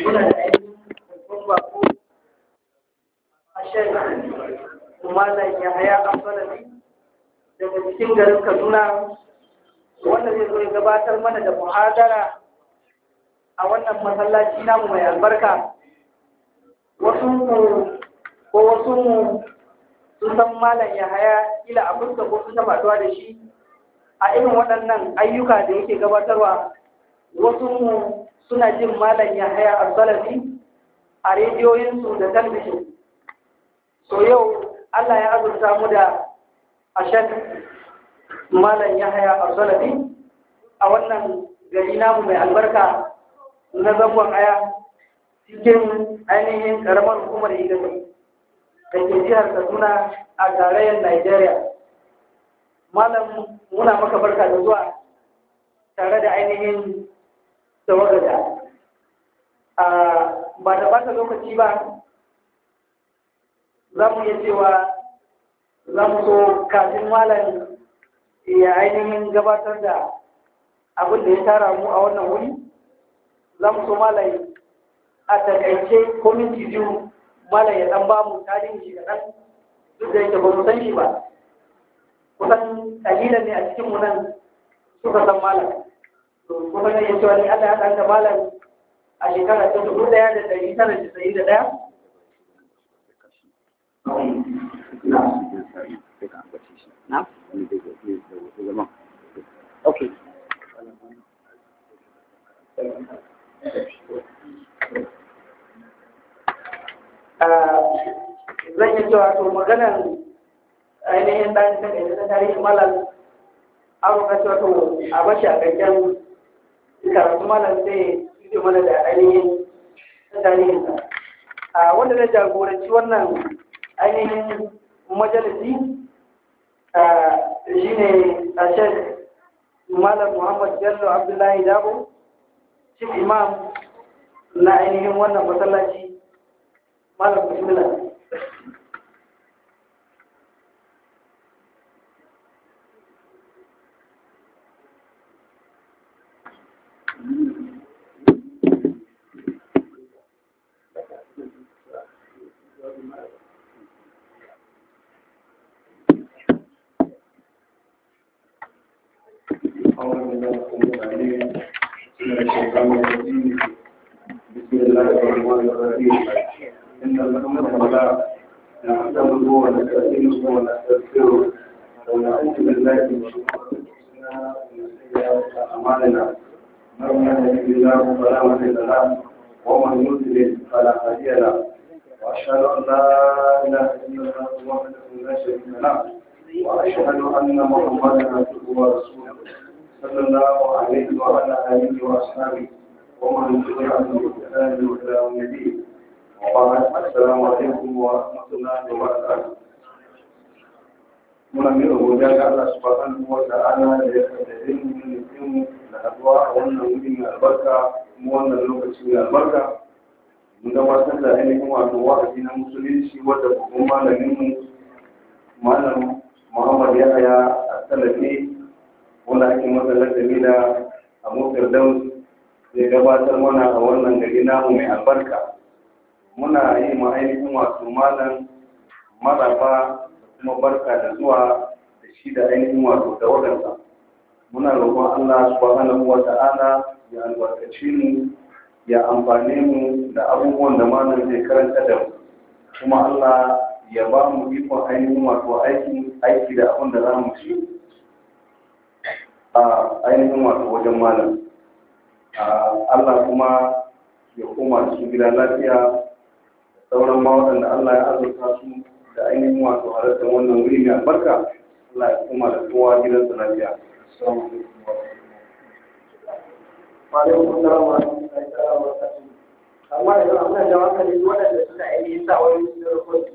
muna da ainihin babban bako a shan malam ya haya amfalami daga cikin garin kaduna wanda zai zo ya gabatar mana da muhadara a wannan masallaci namu mai albarka wasu ko wasu mu sun san malam ya haya kila a fuska ko sun taba da shi a irin waɗannan ayyuka da yake gabatarwa wasu mu suna jin malam ya haya a salafi a rediyoyinsu da talbishin so yau allah ya azurta mu da ashen malam ya haya a salafi a wannan gari namu mai albarka na zangon aya cikin ainihin karamar hukumar igami da ke jihar kaduna a tarayyar nigeria malam muna maka barka da zuwa tare da ainihin tawaga da ba da bata lokaci ba za mu iya cewa za mu so kafin malami ya ainihin gabatar da abin da ya tara mu a wannan wuri za mu so malami a takaice ko minti biyu malam ya dan bamu mu tarihin shi kaɗan duk da yake ba mu san shi ba kusan kalilan ne a cikin mu nan suka san malam kuma da ya cewa ni Allah ya ɗan malam a shekara ta dubu ɗaya da ɗari tara da ɗari da ɗaya? Ah, zan yi cewa to maganar ainihin ɗan tarihin malam, an ruka cewa to a bashi a ƙarshen karatu malam zai fito mana da ainihin tarihinsa a wanda zai jagoranci wannan ainihin majalisi shi ne a shek malam muhammad bello abdullahi dabo shi imam na ainihin wannan masallaci malam bismillah أن محمدا عبده ورسوله صلى الله عليه وعلى آله وأصحابه muna mai rubuta ga Allah subhanahu wa ta'ala da ya kaddare mu da nufin da haduwa a wannan wuri mai albarka kuma wannan lokaci mai albarka mun gabatar da ainihin wato wa'azi na musulunci wadda babban malamin mu malam muhammad ya haya a talafi wanda ake masa lakabi a mutar firdaus zai gabatar mana a wannan gari namu mai albarka muna yi ma ainihin malan malam da kuma barka da zuwa da shi da ainihin wasu da wadansa muna roƙon allah subhanahu wa ta'ala ya albarkaci mu ya amfani mu da abubuwan da malam zai karanta da mu kuma allah ya ba mu ikon ainihin wato aiki da abin da za mu ci a ainihin wato wajen malam Allah kuma ya koma cikin gida lafiya da sauran ma waɗanda Allah ya azurta su da ainihin wato halartar wannan wuri mai albarka Allah ya koma da kowa gidansa lafiya. amma Salamu alaikum wa rahmatullahi wa barakatuh. Amma yanzu amma da hankali waɗanda suka ainihin sa wani rikodin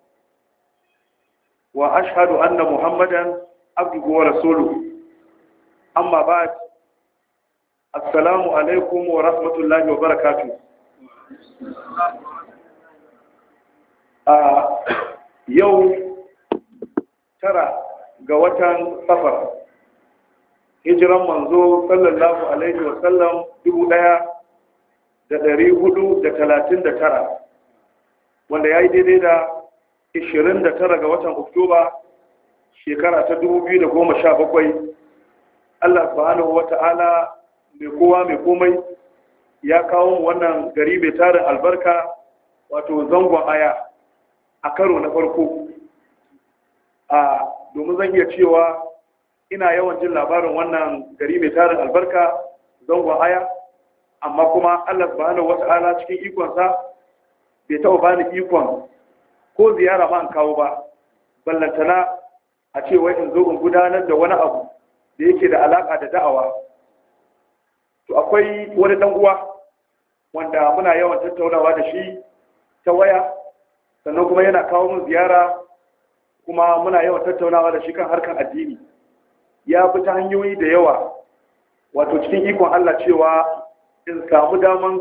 wa ashadu anna muhammadan abduhu wa rasulu amma ba assalamu alaikum wa rahmatullahi wa barakatu a yau tara ga watan safar hijiran manzo sallallahu alaihi wa sallam dubu daya da dari hudu da talatin da tara wanda ya yi daidai da 29 ga watan oktoba shekara ta 2017 allah subhanahu wa ta'ala mai kowa mai komai ya kawo wannan gari mai tarin albarka wato zangon aya a karo na farko a domin zan iya cewa ina yawan jin labarin wannan gari mai tarin albarka zangon aya amma kuma allah subhanahu wa cikin ikonsa bai taɓa bani ikon ko ziyara ba an kawo ba ballantana a ce wai in zo in gudanar da wani abu da yake da alaka da da'awa to akwai wani dan uwa wanda muna yawan tattaunawa da shi ta waya sannan kuma yana kawo min ziyara kuma muna yawan tattaunawa da shi kan harkan addini ya fi ta hanyoyi da yawa wato cikin ikon Allah cewa in samu daman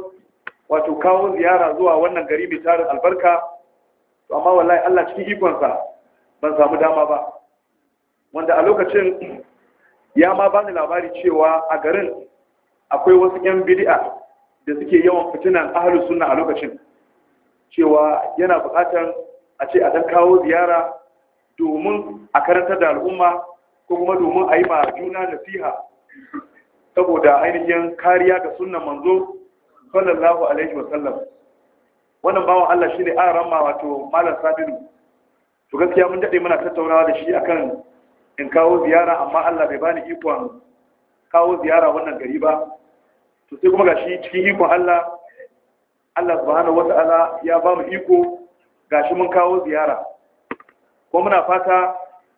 wato kawo ziyara zuwa wannan gari mai tarin albarka to amma wallahi Allah cikin ikonsa ban samu dama ba wanda a lokacin ya ma bani labari cewa a garin akwai wasu 'yan bid'a da suke yawan fitinan ahalus sunna a lokacin cewa yana buƙatar a ce a dan kawo ziyara domin a karantar da al'umma ko kuma domin a yi ma juna nasiha saboda ainihin kariya ga sunnan manzo sallallahu alaihi wasallam wannan bawan Allah shi ne aran ma wato malam sabiru to gaskiya mun daɗe muna tattaunawa da shi akan in kawo ziyara amma Allah bai bani ikon kawo ziyara wannan gari ba to sai kuma gashi cikin ikon Allah Allah subhanahu wata'ala ya ba mu iko gashi mun kawo ziyara ko muna fata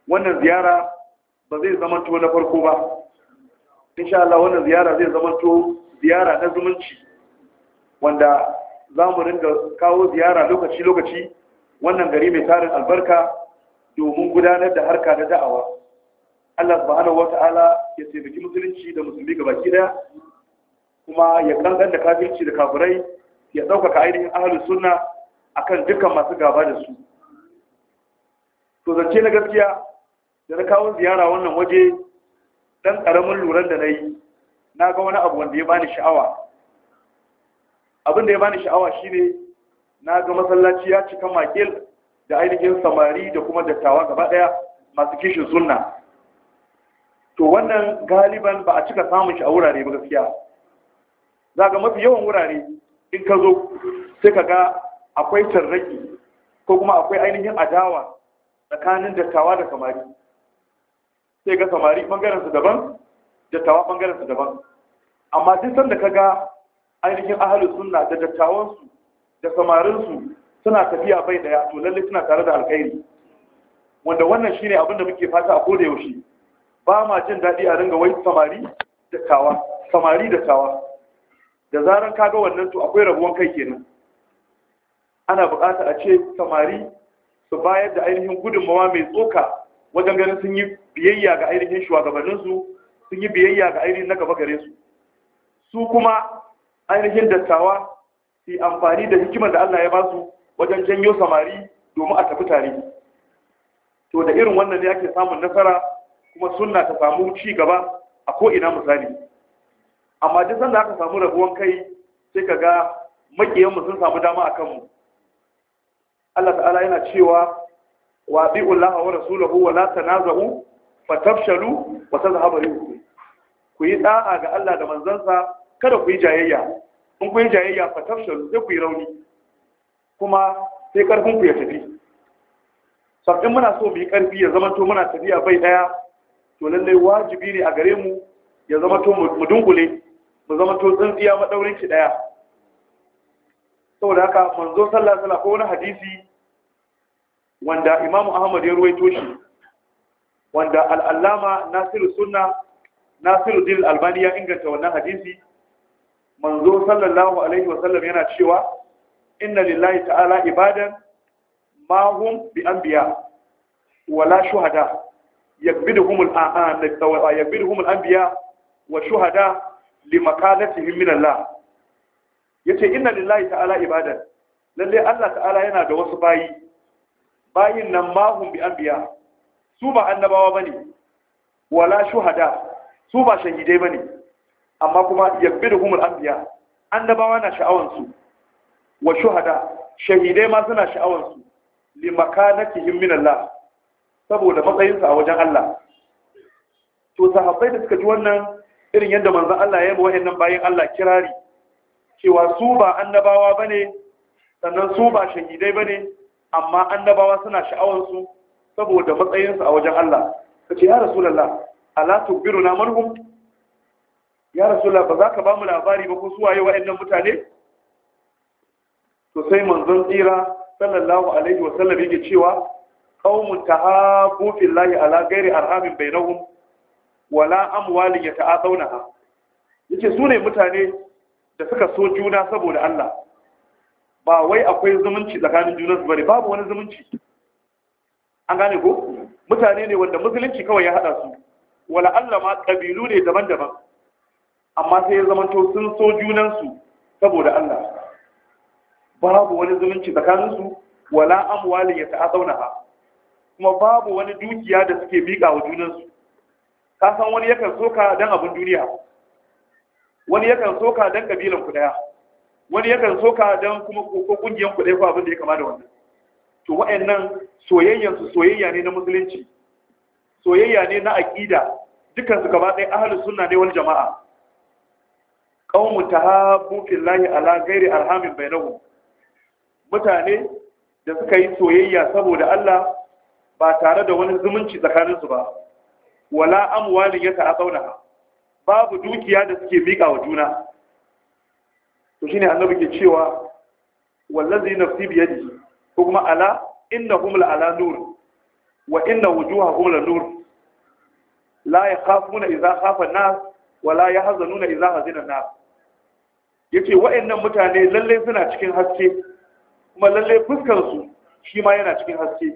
wannan ziyara ba zai zama to na farko ba insha Allah wannan ziyara zai zama to ziyara na zumunci wanda za mu ringa kawo ziyara lokaci-lokaci wannan gari mai tarin albarka domin gudanar da harka na da'awa Allah subhanahu ta'ala ya taimaki musulunci da musulmi ga baki daya kuma ya kankan da kafirci da kafirai ya ɗaukaka ainihin ahalin sunna akan dukkan masu gaba da su to zance na gaskiya da na kawo ziyara wannan waje dan ƙaramin luran da na yi na ga wani abu wanda ya bani sha'awa abin da ya bani sha'awa shine na ga masallaci ya cika makil da ainihin samari da kuma dattawa gaba daya masu kishin sunna to wannan galiban ba a cika samun shi a wurare ba gaskiya za ga mafi yawan wurare in ka zo sai ka ga akwai tarraki ko kuma akwai ainihin adawa tsakanin dattawa da samari sai ga samari su daban dattawa su daban amma duk sanda ka ga ainihin ahalus suna da dattawansu da samarinsu suna tafiya bai daya to lalle suna tare da alkhairi wanda wannan shine abin da muke fata a koda yaushe ba ma jin daɗi a ringa wai samari da tawa samari da tawa da zaran kaga wannan to akwai rabuwan kai kenan ana buƙatar a ce samari su bayar da ainihin gudunmawa mai tsoka wajen ganin sun yi biyayya ga ainihin shugabanninsu sun yi biyayya ga ainihin na gaba gare su su kuma ainihin dattawa su amfani da hikimar da Allah ya ba su wajen janyo samari domin a tafi tare to da irin wannan ne ake samun nasara kuma sunna ta samu ci gaba a ko'ina misali amma duk sanda aka samu rabuwan kai sai ka ga makiyanmu sun samu dama a kanmu Allah ta'ala yana cewa wa bi'ullaha wa rasulahu wa la tanaza'u tafshalu wa tazhabu ku yi da'a ga Allah da manzansa kada ku yi jayayya in ku yi jayayya fatafshalu sai ku yi rauni kuma sai karfin ku ya tafi sabbin muna so mu yi karfi ya zama to muna tafiya bai daya to lallai wajibi ne a gare mu ya zama to mu dungule mu zama to tsintsiya madaurin ki daya saboda haka manzo sallallahu alaihi wasallam ko wani hadisi wanda imamu ahmad ya ruwaito shi wanda al'allama nasiru sunna nasiru dil albani ya inganta wannan hadisi manzo sallallahu alaihi wasallam yana cewa inna lillahi ta'ala ibadan ma hum bi anbiya wala shuhada yakbiduhum al-a'an yakbiduhum al-anbiya wa shuhada limakalatihim min Allah yace inna lillahi ta'ala ibadan lalle Allah ta'ala yana da wasu bayi bayin nan ma hum bi anbiya su ba annabawa bane wala shuhada su ba shahidai bane amma kuma yabbiruhumul anbiya annabawa na sha'awansu wa shuhada shahidai ma suna sha'awansu li makanatihim min Allah saboda matsayinsu a wajen Allah to sahabbai da suka ji wannan irin yadda manzon Allah ya yi wa'annan bayan Allah kirari cewa su ba annabawa bane sannan su ba shahidai bane amma annabawa suna sha'awansu saboda matsayinsu a wajen Allah kace ya rasulullah ala tubiruna marhum ya rasulullah ba za ka ba mu labari ba ko su waye wa'annan mutane to sai manzon tsira sallallahu alaihi wasallam yake cewa qaumun tahabu fillahi ala ghairi arhamin bainahum wala amwalin yata'azawnaha yace su ne mutane da suka so juna saboda Allah ba wai akwai zumunci tsakanin juna su bane babu wani zumunci an gane ko mutane ne wanda musulunci kawai ya hada su wala Allah ma kabilu ne daban-daban amma sai ya zama to sun so junansu saboda Allah babu wani zumunci tsakaninsu wala amwalin ya ta'azauna ha kuma babu wani dukiya da suke bika wa junansu ka san wani yakan soka dan abin duniya wani yakan soka dan kabilan ku daya wani yakan soka dan kuma ko kungiyan ku daya ko abin da ya kama da wannan to wa'annan soyayyan su soyayya ne na musulunci soyayya ne na aqida dukan su gaba ɗaya ahlus sunna ne wani jama'a qaumu tahabbu lahi ala alhamin bai nahu. mutane da suka yi soyayya saboda Allah ba tare da wani zumunci tsakaninsu ba wala amwalin ya ha? babu dukiya da suke miƙa wa juna to shine annabi ke cewa wallazi nafsi bi yadihi ko kuma ala innahum la ala nur wa inna wujuhahum la nur la yakhafuna idha khafa an-nas wa la yahzanuna idha hazina an-nas yace wa'annan mutane lalle suna cikin haske kuma lalle fuskar su shi ma yana cikin haske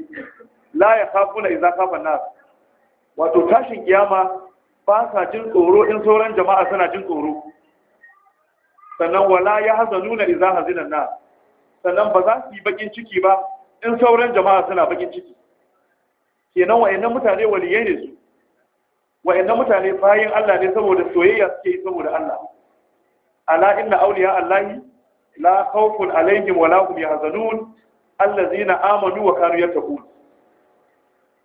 la ya khafuna iza kafa nas wato tashin kiyama ba sa jin tsoro in sauran jama'a suna jin tsoro sannan wala ya hazanuna iza hazina nas sannan ba za su yi bakin ciki ba in sauran jama'a suna bakin ciki kenan wa'annan mutane waliyai ne su wa'annan mutane bayan Allah ne saboda soyayya suke yi saboda Allah ala inna awliya allahi la khawfun alaihim wala hum yahzanun allazina amanu wa kanu yattaqun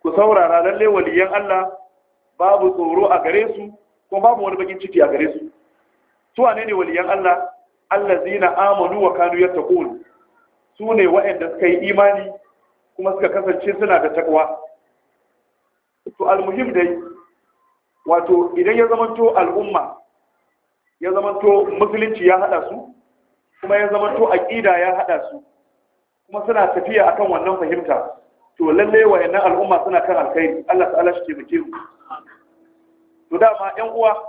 ku saurara lalle waliyan Allah babu tsoro a gare su ko babu wani bakin ciki a gare su su wane ne waliyan Allah allazina amanu wa kanu yattaqun su ne waɗanda suka yi imani kuma suka kasance suna da takwa to almuhim dai wato idan ya zamanto al'umma ya to musulunci ya haɗa su kuma ya zamanto aƙida ya haɗa su kuma suna tafiya akan wannan fahimta to lalle wayannan al'umma suna kan alkhairi Allah ta'ala shi taimake mu to dama ƴan uwa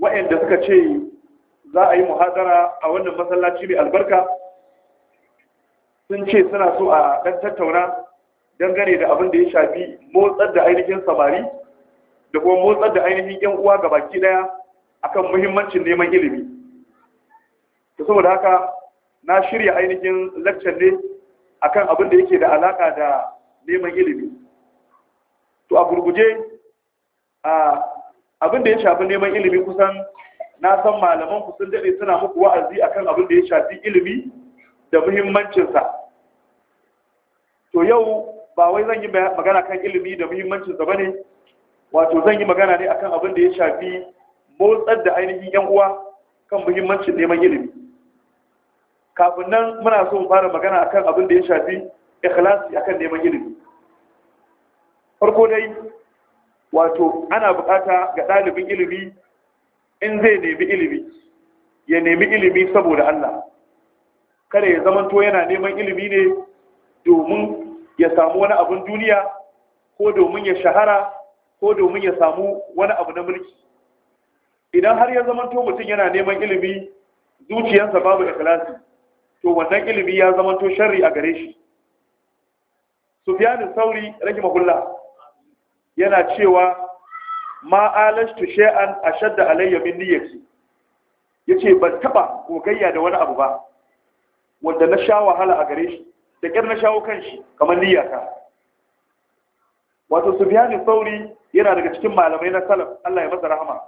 wayanda suka ce za a yi muhadara a wannan masallaci mai albarka sun ce suna so a dan tattauna dangane da abin da ya shafi motsar da ainihin samari da kuma motsar da ainihin ƴan uwa gabaki daya akan muhimmancin neman ilimi to saboda haka na shirya ainihin lakcan ne akan abin da yake da alaka da neman ilimi to a gurguje a abin da ya shafi neman ilimi kusan na san malaman ku sun dade suna muku wa'azi akan abin da ya shafi ilimi da muhimmancinsa to yau ba wai zan yi magana kan ilimi da muhimmancinsa bane wato zan yi magana ne akan abin da ya shafi motsar da ainihin yan uwa kan muhimmancin neman ilimi kafin nan muna so mu fara magana akan abin da ya shafi ikhlasi akan neman ilimi farko dai wato ana bukata ga ɗalibin ilimi in zai nemi ilimi ya nemi ilimi saboda Allah kada ya zamanto yana neman ilimi ne domin ya samu wani abun duniya ko domin ya shahara ko domin ya samu wani abu na mulki idan har ya zamanto mutum yana neman ilimi zuciyarsa babu ikhlasi to wannan ilimi ya zamanto sharri a gare shi Sufyanin sauri rahimahullah yana cewa ma alashtu shay'an ashadda alayya min niyyati yace ban taba gogayya da wani abu ba wanda na sha wahala a gare shi da kyar na shawo kan shi kamar niyyata wato Sufyanin sauri yana daga cikin malamai na salaf Allah ya masa rahama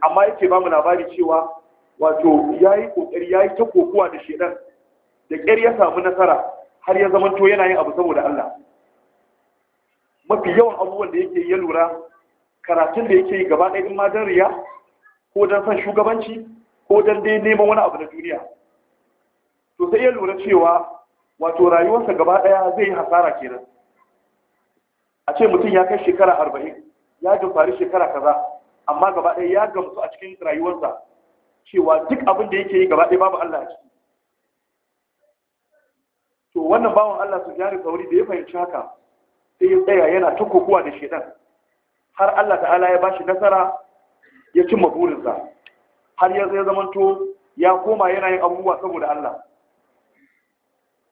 amma yake ba mu labari cewa wato ya yi ƙoƙari ya yi ta kokuwa da shedan da ƙyar ya samu nasara har ya zamanto yana yin abu saboda Allah mafi yawan abubuwan da yake ya lura karatun da yake yi gaba ɗaya in ma dan riya ko don son shugabanci ko don dai neman wani abu na duniya to sai ya lura cewa wato rayuwarsa gaba ɗaya zai yi hasara kenan a ce mutum ya kai shekara arba'in ya jin fari shekara kaza amma gaba ɗaya ya gamsu a cikin rayuwarsa cewa duk abin da yake yi gaba ɗaya babu Allah a ciki to wannan bawan Allah su jari sauri da ya fahimci haka sai ya tsaya yana ta kokowa da shedan har Allah ta'ala ya bashi nasara ya cimma burinsa har ya zai to ya koma yana yin abubuwa saboda Allah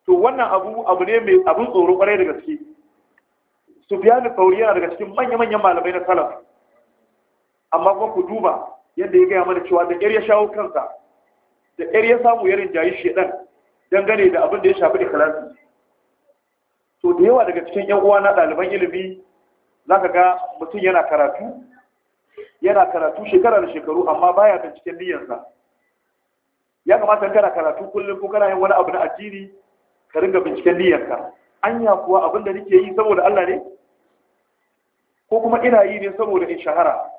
to wannan abu abu ne mai abin tsoro kwarai da gaske Sufyan da sauri yana daga cikin manya-manyan malamai na salaf amma kuma ku duba yadda ya gaya mana cewa da ƙyar ya shawo kansa da ƙyar ya samu ya rinjayi ɗan, dangane da abin da ya shafi kalasi to da yawa daga cikin yan uwa na ɗaliban ilimi ka ga mutum yana karatu yana karatu shekara da shekaru amma baya binciken niyyarsa ya kamata kana karatu kullum ko kana yin wani abu na addini ka ringa binciken niyyarka anya kuwa abin da nake yi saboda Allah ne ko kuma ina yi ne saboda in shahara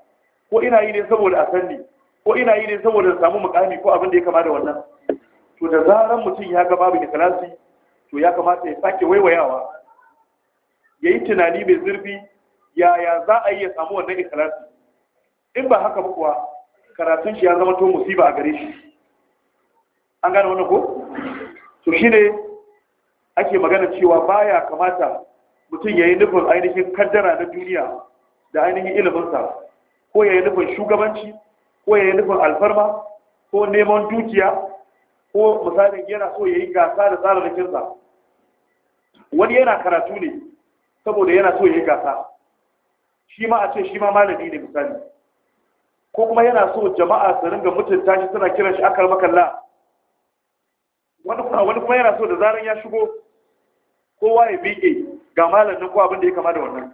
ko ina yi ne saboda a sanni ko ina yi ne saboda samu mukami ko abin da ya kama da wannan to da zaran mutum ya ga babu ikhlasi to ya kamata ya sake waiwayawa ya yi tunani mai zurfi yaya za a yi ya samu wannan ikhlasi in ba haka ba kuwa karatun shi ya zama to musiba a gare shi an gane wannan ko to shine ake magana cewa baya kamata mutum ya yi nufin ainihin kaddara na duniya da ainihin iliminsa ko ya yi nufin shugabanci ko ya nufin alfarma ko neman dukiya ko misalin yana so ya yi gasa da tsara da wani yana karatu ne saboda yana so ya gasa shi ma a ce shi ma malami ne misali ko kuma yana so jama'a su ringa mutunta shi suna kiran shi akar makalla wani kuma yana so da zaran ya shigo kowa ya miƙe ga malamin ko abin da ya kama da wannan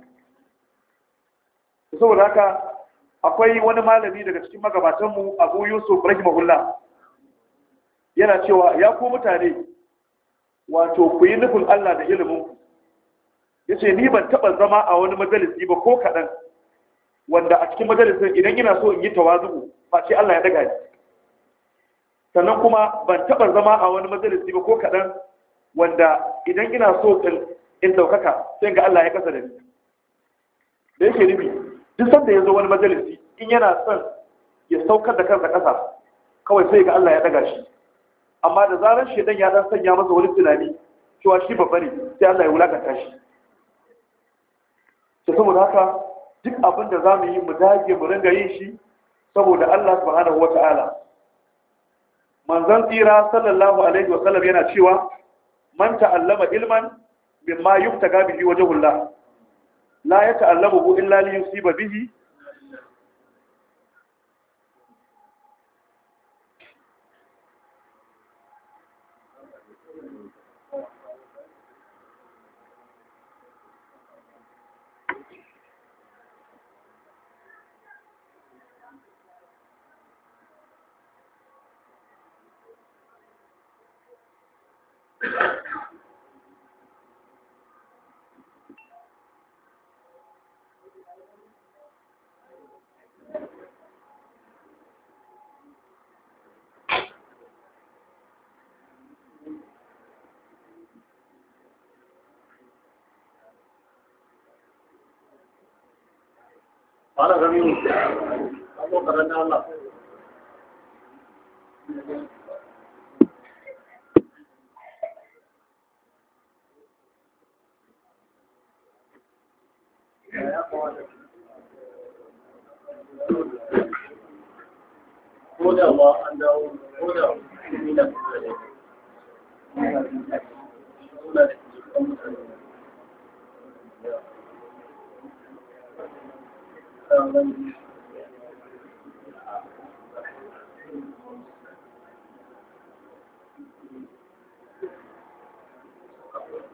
saboda haka akwai wani malami daga cikin magabatanmu abu yusuf rahimahullah yana cewa ya ku mutane wato ku yi nufin allah da ilimin ya ce ni ban taɓa zama a wani majalisi ba ko kaɗan wanda a cikin majalisin idan ina so in yi tawazu ba ce allah ya daga ni sannan kuma ban taɓa zama a wani majalisi ba ko kaɗan wanda idan ina so in ɗaukaka sai ga allah ya kasa da ni da yake nufi duk sanda ya zo wani majalisi in yana son ya saukar da kansa ƙasa kawai sai ga Allah ya daga shi amma da zarar shedan ya dan sanya masa wani tunani cewa shi babba ne sai Allah ya wulakanta shi to saboda haka duk abin da zamu yi mu dage mu ringa yin shi saboda Allah subhanahu wata'ala manzon tsira sallallahu alaihi wa sallam yana cewa man ta'allama ilman mimma yuftaga bihi wajhullah la ya ta'allabu illa li ba bihi Allah.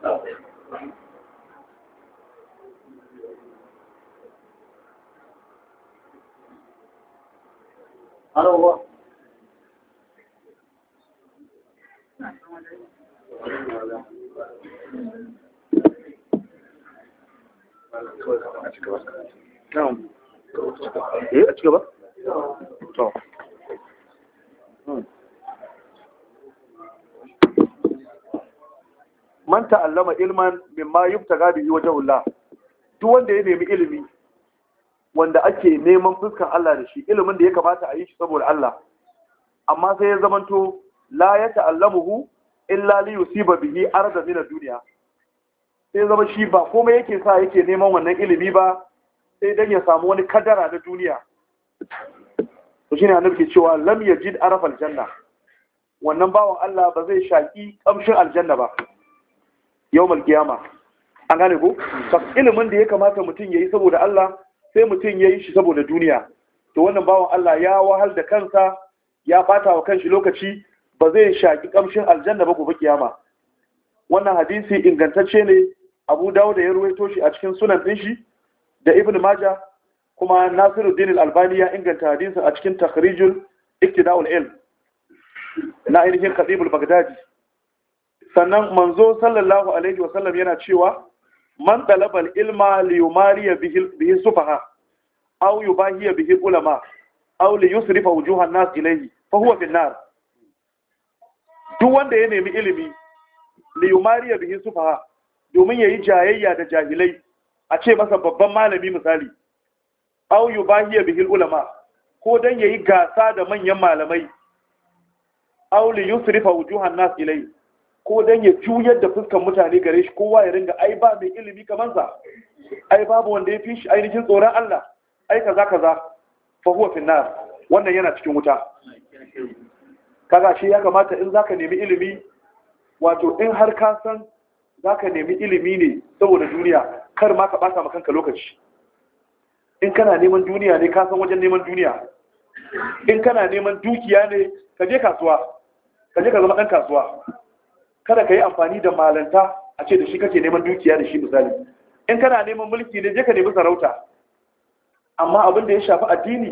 Ano ba? Ano ba? Ano ba? Ano man ta'allama ilman mimma yubtaga bihi wajhullah duk wanda ya nemi ilimi wanda ake neman fuskan Allah da shi ilimin da ya kamata a yi shi saboda Allah amma sai ya zamanto la ya ta'allamuhu illa li yusiba bihi arda min ad-dunya sai zama shi ba komai yake sa yake neman wannan ilimi ba sai dan ya samu wani kadara na duniya to shine annabi ke cewa lam yajid araf al wannan bawan Allah ba zai shaki kamshin aljanna ba yawmal qiyama an gane ko hmm. ilimin da ya kamata mutum ya yi saboda Allah sai mutum ya yi shi saboda duniya to wannan bawan Allah ya wahal da kansa ya bata wa kanshi lokaci ba zai shaki kamshin aljanna ba gobe kiyama wannan hadisi ingantacce ne Abu Dawud ya ruwaito shi a cikin sunan din shi da Ibn Maja, kuma Nasiruddin Al-Albani ya inganta hadisin a cikin Takhrijul Iktida'ul Ilm na ainihin Khatib al sannan manzo sallallahu alaihi wasallam yana cewa man talabal ilma li yumariya bihi sufaha aw yubahiya bihi ulama aw li yusrifa wujuha an-nas ilayhi fa huwa fi nar duk wanda ya nemi ilimi li yumariya bihi sufaha domin yayi jayayya da jahilai a ce masa babban malami misali aw yubahiya bihi ulama ko dan yayi gasa da manyan malamai aw li yusrifa wujuha an-nas ilayhi ko dan ya juyar da fuskan mutane gare shi kowa ya ringa ai ba mai ilimi kamar sa ai babu wanda ya fi shi ainihin tsoron Allah ai kaza kaza fa huwa fi nar wannan yana cikin wuta kaga shi ya kamata in zaka nemi ilimi wato in har ka san zaka nemi ilimi ne saboda duniya kar ma ka bata maka kanka lokaci in kana neman duniya ne ka san wajen neman duniya in kana neman dukiya ne ka je kasuwa ka je ka zama ɗan kasuwa kada ka yi amfani da malanta a ce da shi kake neman dukiya da shi misali in kana neman mulki ne je ka nemi sarauta amma abin da ya shafi addini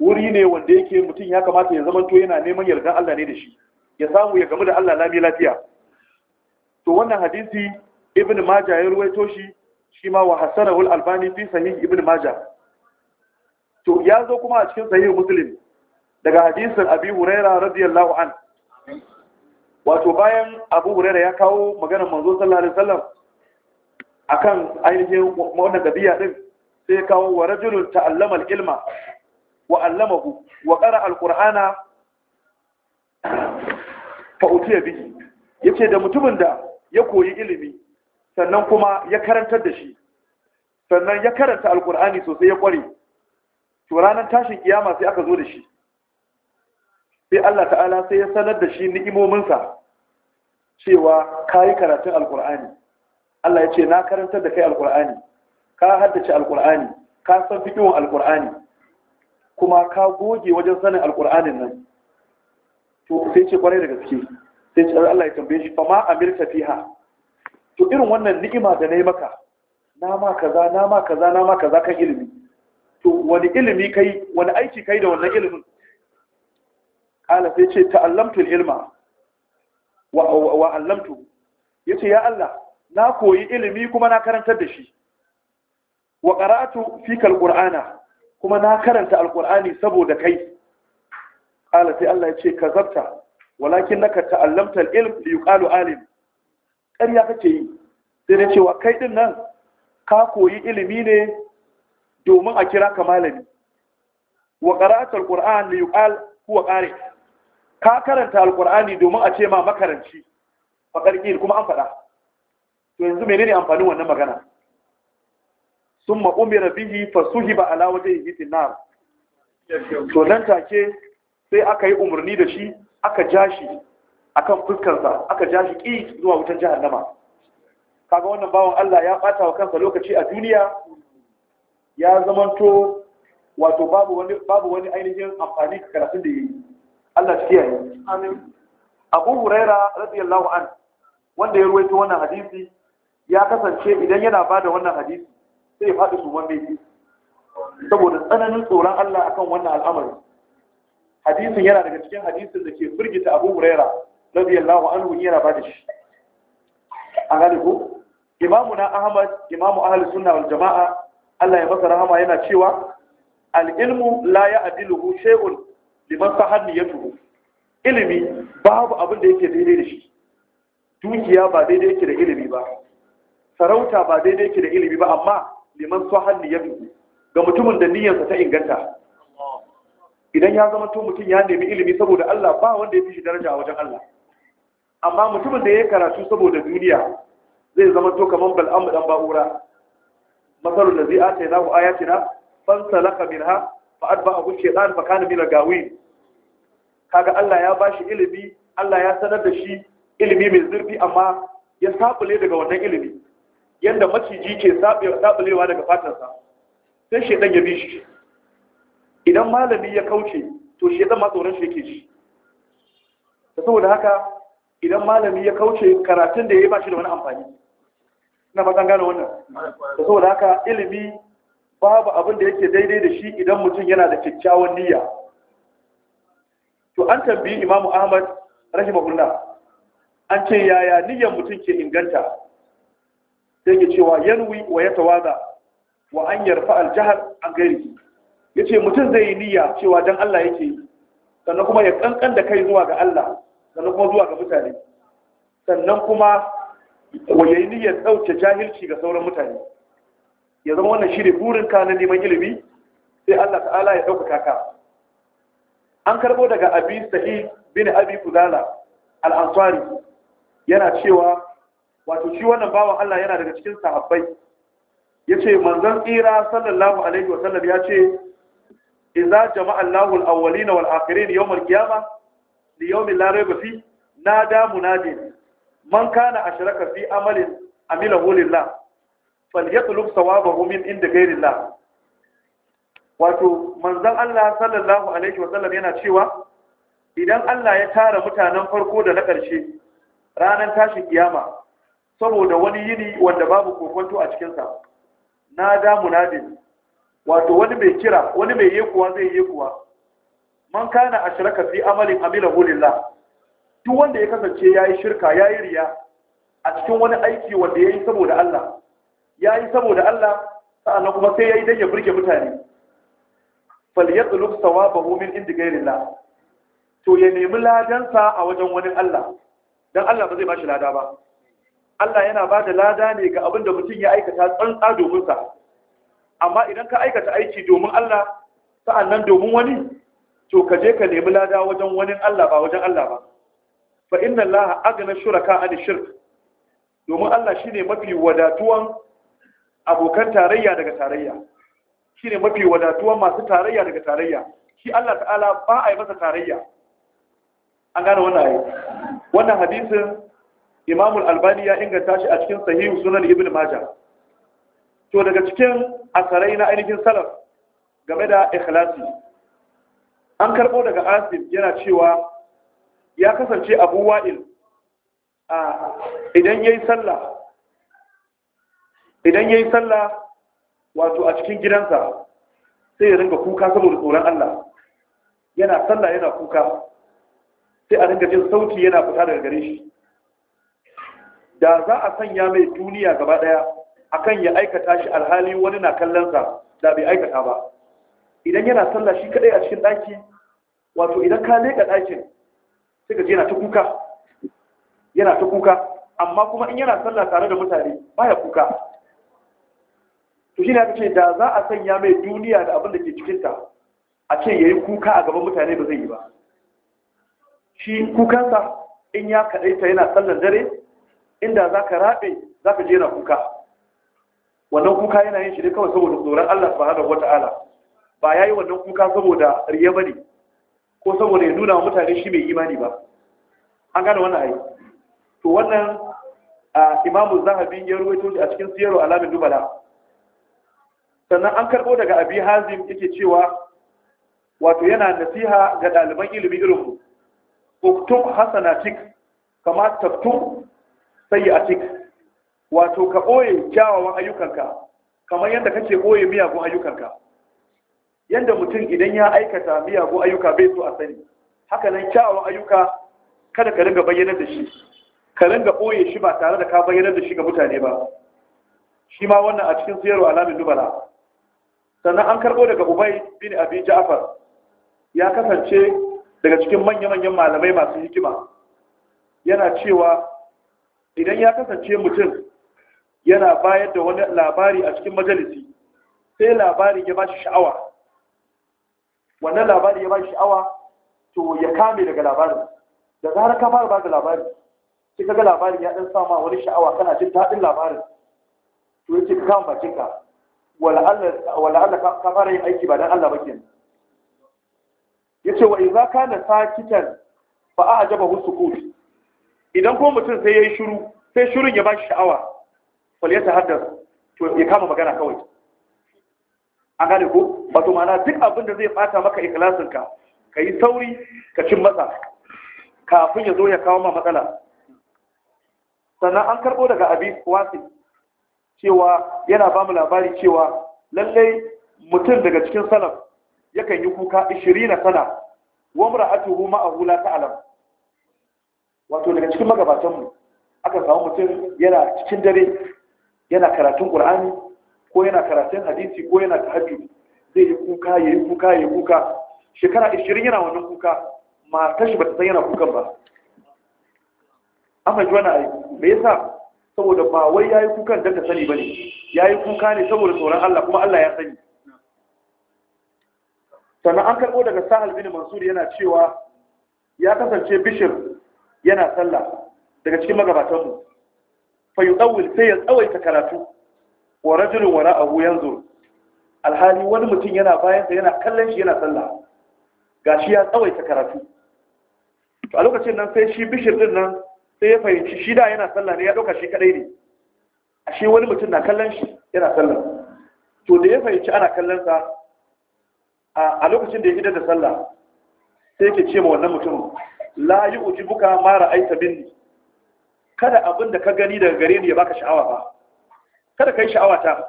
wuri ne wanda yake mutum ya kamata ya zamanto yana neman yardan Allah ne da shi ya samu ya gamu da Allah lami lafiya to wannan hadisi ibn majah ya ruwaito shi shi ma wa hasanahu al-albani fi sahih ibn majah to ya zo kuma a cikin sahih muslim daga hadisin abi huraira radiyallahu an wato bayan abu hurera ya kawo maganar manzo sallallahu alaihi wasallam akan ainihin wannan gabiya din sai ya kawo wa rajulun ta'allama al-ilma wa 'allamahu wa qara al-qur'ana fa utiya bihi yace da mutumin da ya koyi ilimi sannan kuma ya karantar da shi sannan ya karanta al-qur'ani sosai ya kware to ranar tashin kiyama sai aka zo da shi sai Allah ta'ala sai ya sanar da shi ni'imominsa cewa ka yi karatun alkur'ani Allah ya ce na karantar da kai alkur'ani ka haddace alkur'ani ka san fikin alkur'ani kuma ka goge wajen sanin alkur'anin nan to sai ce kwarai da gaske sai ce Allah ya tambaye shi fama amirta fiha to irin wannan ni'ima da na yi maka na ma kaza na ma kaza na ma kaza kan ilimi to wani ilimi kai wani aiki kai da wannan ilimin ƙala sai ce ta'allamtul ilma wa allamtu ya ce ya Allah na koyi ilimi kuma na karantar da shi wa ƙara'atu fi kuma na karanta alƙur'ani saboda kai ƙala sai Allah ya ce ka zabta walakin naka ta'allamtar ilm da yuƙalu alim ƙarya kake yi sai na cewa kai ɗin nan ka koyi ilimi ne domin a kira ka malami wa ƙara'atar ƙur'an da yuƙal huwa ƙare ka karanta alkur'ani domin a ce ma makaranci faƙarƙi kuma an faɗa to yanzu menene amfanin wannan magana sun ma'umira bihi fasuhi ba ala waje yi dinar to nan take sai aka yi umarni da shi aka ja shi kan fuskarsa aka ja shi ƙi zuwa wutan nama kaga wannan bawan Allah ya ɓata wa kansa lokaci a duniya ya zamanto wato babu wani ainihin amfani karatun da ya yi Allah shi kiyaye amin Abu Huraira radiyallahu an wanda ya ruwaito wannan hadisi ya kasance idan yana bada wannan hadisi sai ya faɗi suman saboda tsananin tsoron Allah akan wannan al'amari hadisin yana daga cikin hadisin da ke firgita Abu Huraira radiyallahu anhu yana bada shi A gane ko na Ahmad imamu ahli sunna wal jama'a Allah ya masa rahama yana cewa alilmu ilmu la ya'diluhu shay'un liman sahanni ya tuhu ilimi babu abin da yake daidai da shi dukiya ba daidai yake da ilimi ba sarauta ba daidai yake da ilimi ba amma liman sahanni ya tuhu ga mutumin da niyyarsa ta inganta idan ya zama to mutum ya nemi ilimi saboda Allah ba wanda ya fi shi daraja a wajen Allah amma mutumin da ya yi karatu saboda duniya zai zama to kaman bal'amu dan ba'ura masalul ladzi atainahu ayatina fansalaka minha fa'adba abu shaitan fa kana min al kaga Allah ya bashi ilimi Allah ya sanar da shi ilimi mai zurfi amma ya sabule daga wannan ilimi yadda maciji ke sabulewa daga fatansa. sai shaidan ya bi shi idan malami ya kauce to shaidan ma tsoron shi yake Da saboda haka idan malami ya kauce karatun da ya yi ba shi da wani amfani ina ba zan gane wannan saboda haka ilimi babu abin da yake daidai da shi idan mutum yana da kyakkyawan niyya to an tambayi imamu ahmad rahimahullah an ce yaya niyyar mutum ke inganta sai ke cewa yanwi wa ya tawaza wa an yarfa aljahar an gairi ya ce mutum zai yi niyya cewa don allah yake sannan kuma ya kankan da kai zuwa ga allah sannan kuma zuwa ga mutane sannan kuma wa yayi niyyar ɗauke jahilci ga sauran mutane ya zama wannan shi ne ka na neman ilimi sai Allah ta'ala ya ɗaukaka ka an karɓo daga abi sahi bin abi kuzala al-ansari yana cewa wato shi wannan bawan Allah yana daga cikin sahabbai yace manzon tsira sallallahu alaihi wa sallam ya yace Iza jama'a Allahu awwali na wal akhirin yawm al-qiyamah li yawm la rayba fi na munadi man kana ashraka fi amalin amilahu lillah falyatlub sawabahu min inda ghairillah wato manzon Allah sallallahu alaihi wasallam yana cewa idan Allah ya tara mutanen farko da na ƙarshe ranar tashin kiyama saboda wani yini wanda babu kokonto a cikin sa na da munadin wato wani mai kira wani mai yekuwa zai yekuwa man kana ashraka fi amalin amila hulillah duk wanda ya kasance ya yi shirka yayi riya a cikin wani aiki wanda yayi saboda Allah ya yi saboda Allah sa’an kuma sai ya yi don ya burge mutane falyatlub ba min indi la to ya nemi ladansa a wajen wani Allah don Allah ba zai ba shi lada ba Allah yana ba da lada ne ga abin da mutum ya aikata tsantsa domin amma idan ka aikata aiki domin Allah nan domin wani to ka je ka nemi lada wajen wani Allah ba wajen Allah ba fa’in nan la’a agana shuraka an shirk domin Allah shi ne mafi wadatuwan abokan tarayya daga tarayya shi ne mafi wadatuwa masu tarayya daga tarayya shi Allah ta'ala ba a yi masa tarayya an gane wannan ayi wannan hadisin imamu albani ya inganta shi a cikin Sahih Sunan Ibn Majah to daga cikin asarai na ainihin salaf game da ikhlasi an karbo daga Asim yana cewa ya kasance Abu Wa'il a ya yi sallah idan ya yi sallah wato a cikin gidansa sai ya ringa kuka saboda tsoron Allah yana sallah yana kuka sai a ringa jin sauti yana fita daga gare shi da za a sanya mai duniya gaba daya akan ya aikata shi alhali wani na kallonsa da bai aikata ba idan yana sallah shi kadai a cikin daki wato idan ka leka dakin sai ka je yana ta kuka yana ta kuka amma kuma in yana sallah tare da mutane baya kuka to shi ne ce da za a sanya mai duniya da abin da ke cikinta a ce ya yi kuka a gaban mutane ba zai yi ba shi kukansa in ya kaɗaita yana tsallan dare inda za ka raɓe za ka jera kuka wannan kuka yana yin shi ne kawai saboda tsoron allah subhanahu wata'ala ba ya yi wannan kuka saboda riya ba ne ko saboda ya nuna wa mutane shi mai imani ba an gane wannan ayi to wannan imamu zahabi ya ruwaito shi a cikin siyarwa alamin dubala sannan an karɓo daga abi hazim yake cewa wato yana nasiha ga ɗaliban ilimi irinmu uktum hasanatik kama taftum tik, wato ka ɓoye kyawawan ayyukanka kamar yadda kake ɓoye miyagun ayyukanka yadda mutum idan ya aikata miyagun ayyuka bai so a sani haka nan kyawawan ayyuka kada ka ringa bayyanar da shi ka ringa ɓoye shi ba tare da ka bayyanar da shi ga mutane ba shi ma wannan a cikin siyarwa alamin dubara sannan an karbo daga ubay bin abi ja'far ya kasance daga cikin manya-manyan malamai masu hikima yana cewa idan ya kasance mutum yana bayar da wani labari a cikin majalisi sai labari ya ba shi sha'awa wannan labari ya ba shi sha'awa to ya kame daga labarin da zarar ka fara ba da labari sai kaga labarin ya dan sama wani sha'awa kana jin daɗin labarin to yace ka kama bakinka wala'alla ka fara yin aiki ba don Allah ba Ya yace wa ka na sakitan fa a'jabahu sukut idan ko mutum sai yi shiru sai shirun ya bashi sha'awa fal yatahaddath ya kama magana kawai an gane ko wato mana duk abin da zai bata maka ikilasinka, ka yi sauri ka cin masa kafin ya zo ya kawo ma matsala sannan an karbo daga abin wasi cewa yana ba mu labari cewa lallai mutum daga cikin salaf yakan yi kuka 20 sana wa mar'atuhu ma'ahu ta alam. wato daga cikin magabatanmu aka samu mutum yana cikin dare yana karatun qur'ani ko yana karatun hadisi ko yana tahajjud zai yi kuka yayi kuka yayi kuka shekara 20 yana wannan kuka matar shi bata san yana kukan ba amma ji wani ayi me yasa saboda ba wai yayi kukan da ka sani bane yayi kuka ne saboda tsoron Allah kuma Allah ya sani sannan an karbo daga Sahal bin Mansur yana cewa ya kasance Bishir yana sallah daga cikin magabatan mu fa yudawil sai ya tsawaita karatu wa rajulun wara'ahu yanzu alhali wani mutum yana bayan yana kallon shi yana sallah gashi ya tsawaita karatu to a lokacin nan sai shi Bishir din nan sai ya fahimci shi da yana sallah ne ya ɗauka shi kadai ne ashe wani mutum na kallon shi yana sallah to da ya fahimci ana kallon sa a lokacin da ya idar da sallah sai yake ce ma wannan mutumin la yi buka mara aita bin kada abin da ka gani daga gare ni ya baka sha'awa ba kada kai sha'awa ta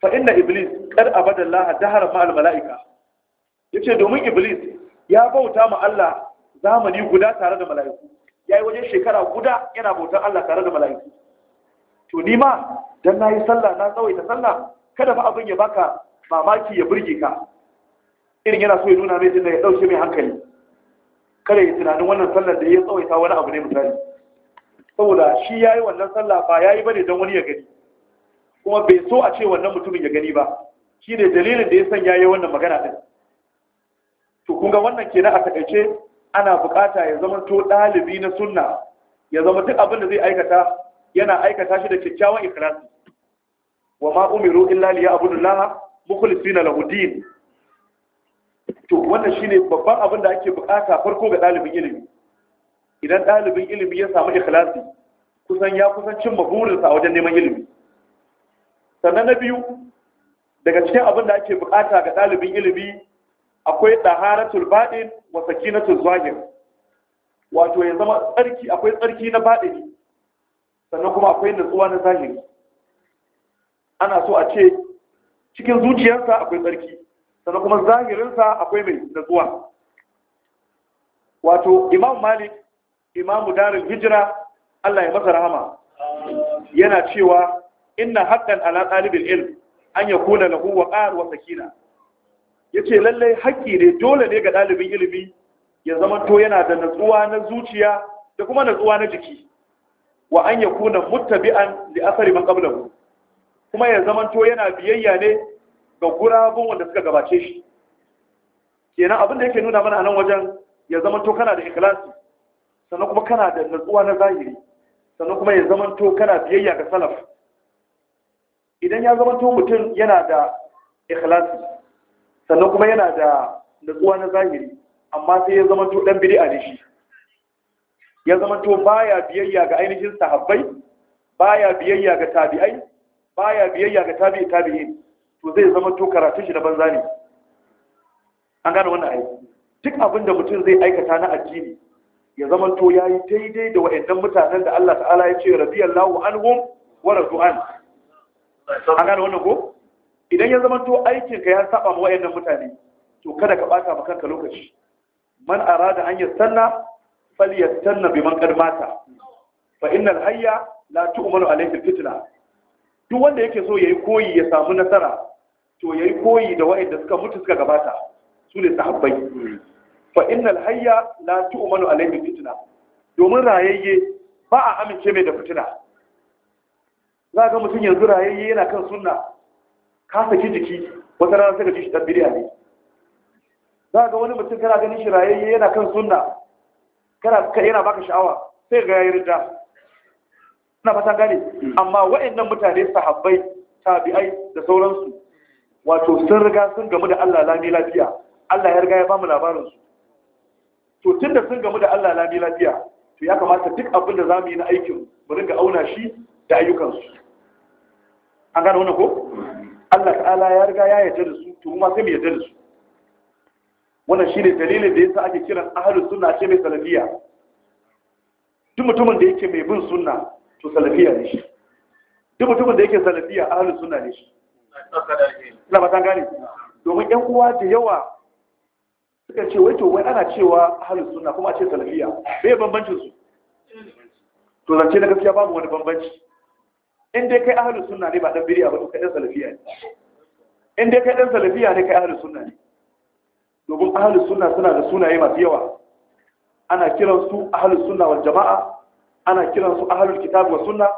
fa inna iblis kar abada Allah dahara ma al malaika yace domin iblis ya bauta ma Allah zamani guda tare da mala'iku ya yi wajen shekara guda yana bautar Allah tare da mala'iku to ni ma dan na yi sallah na tsawaita sallah kada fa abin ya baka mamaki ya burge ka irin yana so ya nuna mai dinda ya dauke mai hankali kada ya tunanin wannan sallar da ya tsawaita wani abu ne misali saboda shi ya yi wannan sallah ba ya yi ba ne don wani ya gani kuma bai so a ce wannan mutumin ya gani ba shi ne dalilin da ya san ya yi wannan magana ɗin to kun ga wannan kenan a takaice ana bukata ya zama to ɗalibi na sunna ya zama duk abin da zai aikata yana aikata shi da kyakkyawan ikhlasi wa ma umiru illa ya'budu abudullah mukhlisina lahu din to wannan shine babban abin da ake bukata farko ga ɗalibin ilimi idan ɗalibin ilimi ya samu ikhlasi kusan ya kusan cin burinsa a wajen neman ilimi sannan na biyu daga cikin abin da ake bukata ga ɗalibin ilimi akwai ɗaharatul baɗin wa sakinatul zahir wato ya zama tsarki akwai tsarki na baɗini sannan kuma akwai nutsuwa na zahiri ana so a ce cikin zuciyarsa akwai tsarki sannan kuma zahirinsa akwai mai nutsuwa wato imam malik imamu darin hijira allah ya masa rahama yana cewa ina haƙƙan ala ɗalibin ilm an yakuna lahu waqar wa sakina ya ce lallai haƙƙi ne dole ne ga ɗalibin ilimi ya zama to yana da natsuwa na zuciya da kuma natsuwa na jiki wa an ya kuna muttabi'an da asari man kuma ya zama to yana biyayya ne ga gurabun wanda suka gabace shi kenan abin da yake nuna mana a nan wajen ya zama to kana da ikilasi, sannan kuma kana da natsuwa na zahiri sannan kuma ya zama to kana biyayya ga salaf idan ya zama to mutum yana da ikilasi. sannan kuma yana da nutsuwa na zahiri amma sai ya zama to dan biri a shi ya zama to baya biyayya ga ainihin sahabbai baya biyayya ga tabi'ai baya biyayya ga tabi'i tabi'in to zai zama to karatun shi na banza ne an gane wannan ayi duk abin da mutum zai aikata na addini ya zama to yayi daidai da wa'annan mutanen da Allah ta'ala ya ce radiyallahu anhum wa radu'an an gane wannan ko idan ya zama to aikin ka ya saba ma wayannan mutane to kada ka bata maka kanka lokaci man arada an yastanna falyastanna biman kad mata fa innal hayya la tu'manu alayhi fitna duk wanda yake so yayi koyi ya samu nasara to yayi koyi da wayanda suka mutu suka gabata su ne sahabbai fa innal hayya la tu'manu alayhi fitna domin rayayye ba a amince mai da fitina za ga mutum yanzu rayayye yana kan sunna ka saki jiki wata rana sai ka ji shi dan biriya ne za ga wani mutum kana ganin shi rayayye yana kan sunna kana yana baka sha'awa sai ga yayi rida ina fata gane amma wayannan mutane sahabbai tabi'ai da sauransu wato sun riga sun gamu da Allah lami lafiya Allah ya riga ya bamu labarin su to tunda sun gamu da Allah lami lafiya to ya kamata duk abin da zamu yi na aikin mu ringa auna shi da ayyukan su an gane wannan ko Allah ta'ala ya riga ya yarda da su to kuma sai mu yarda da su wannan shine dalilin da yasa ake kiran ahlus sunna ce mai salafiya duk mutumin da yake mai bin sunna to salafiya ne shi duk mutumin da yake salafiya ahlus sunna ne shi ina ba san gane domin yan uwa da yawa suka ce wai to wai ana cewa ahlus sunna kuma a ce salafiya bai bambancin su to zance na gaskiya babu wani bambanci Inda kai ahlus suna ne ba ɗan bid'a ba to kai ɗan salafiya ne in dai kai ɗan salafiya ne kai ahlus suna ne domin ahlus suna suna da sunaye masu yawa ana kiran su ahlus sunna wal jama'a ana kiran su ahlul kitab wa sunna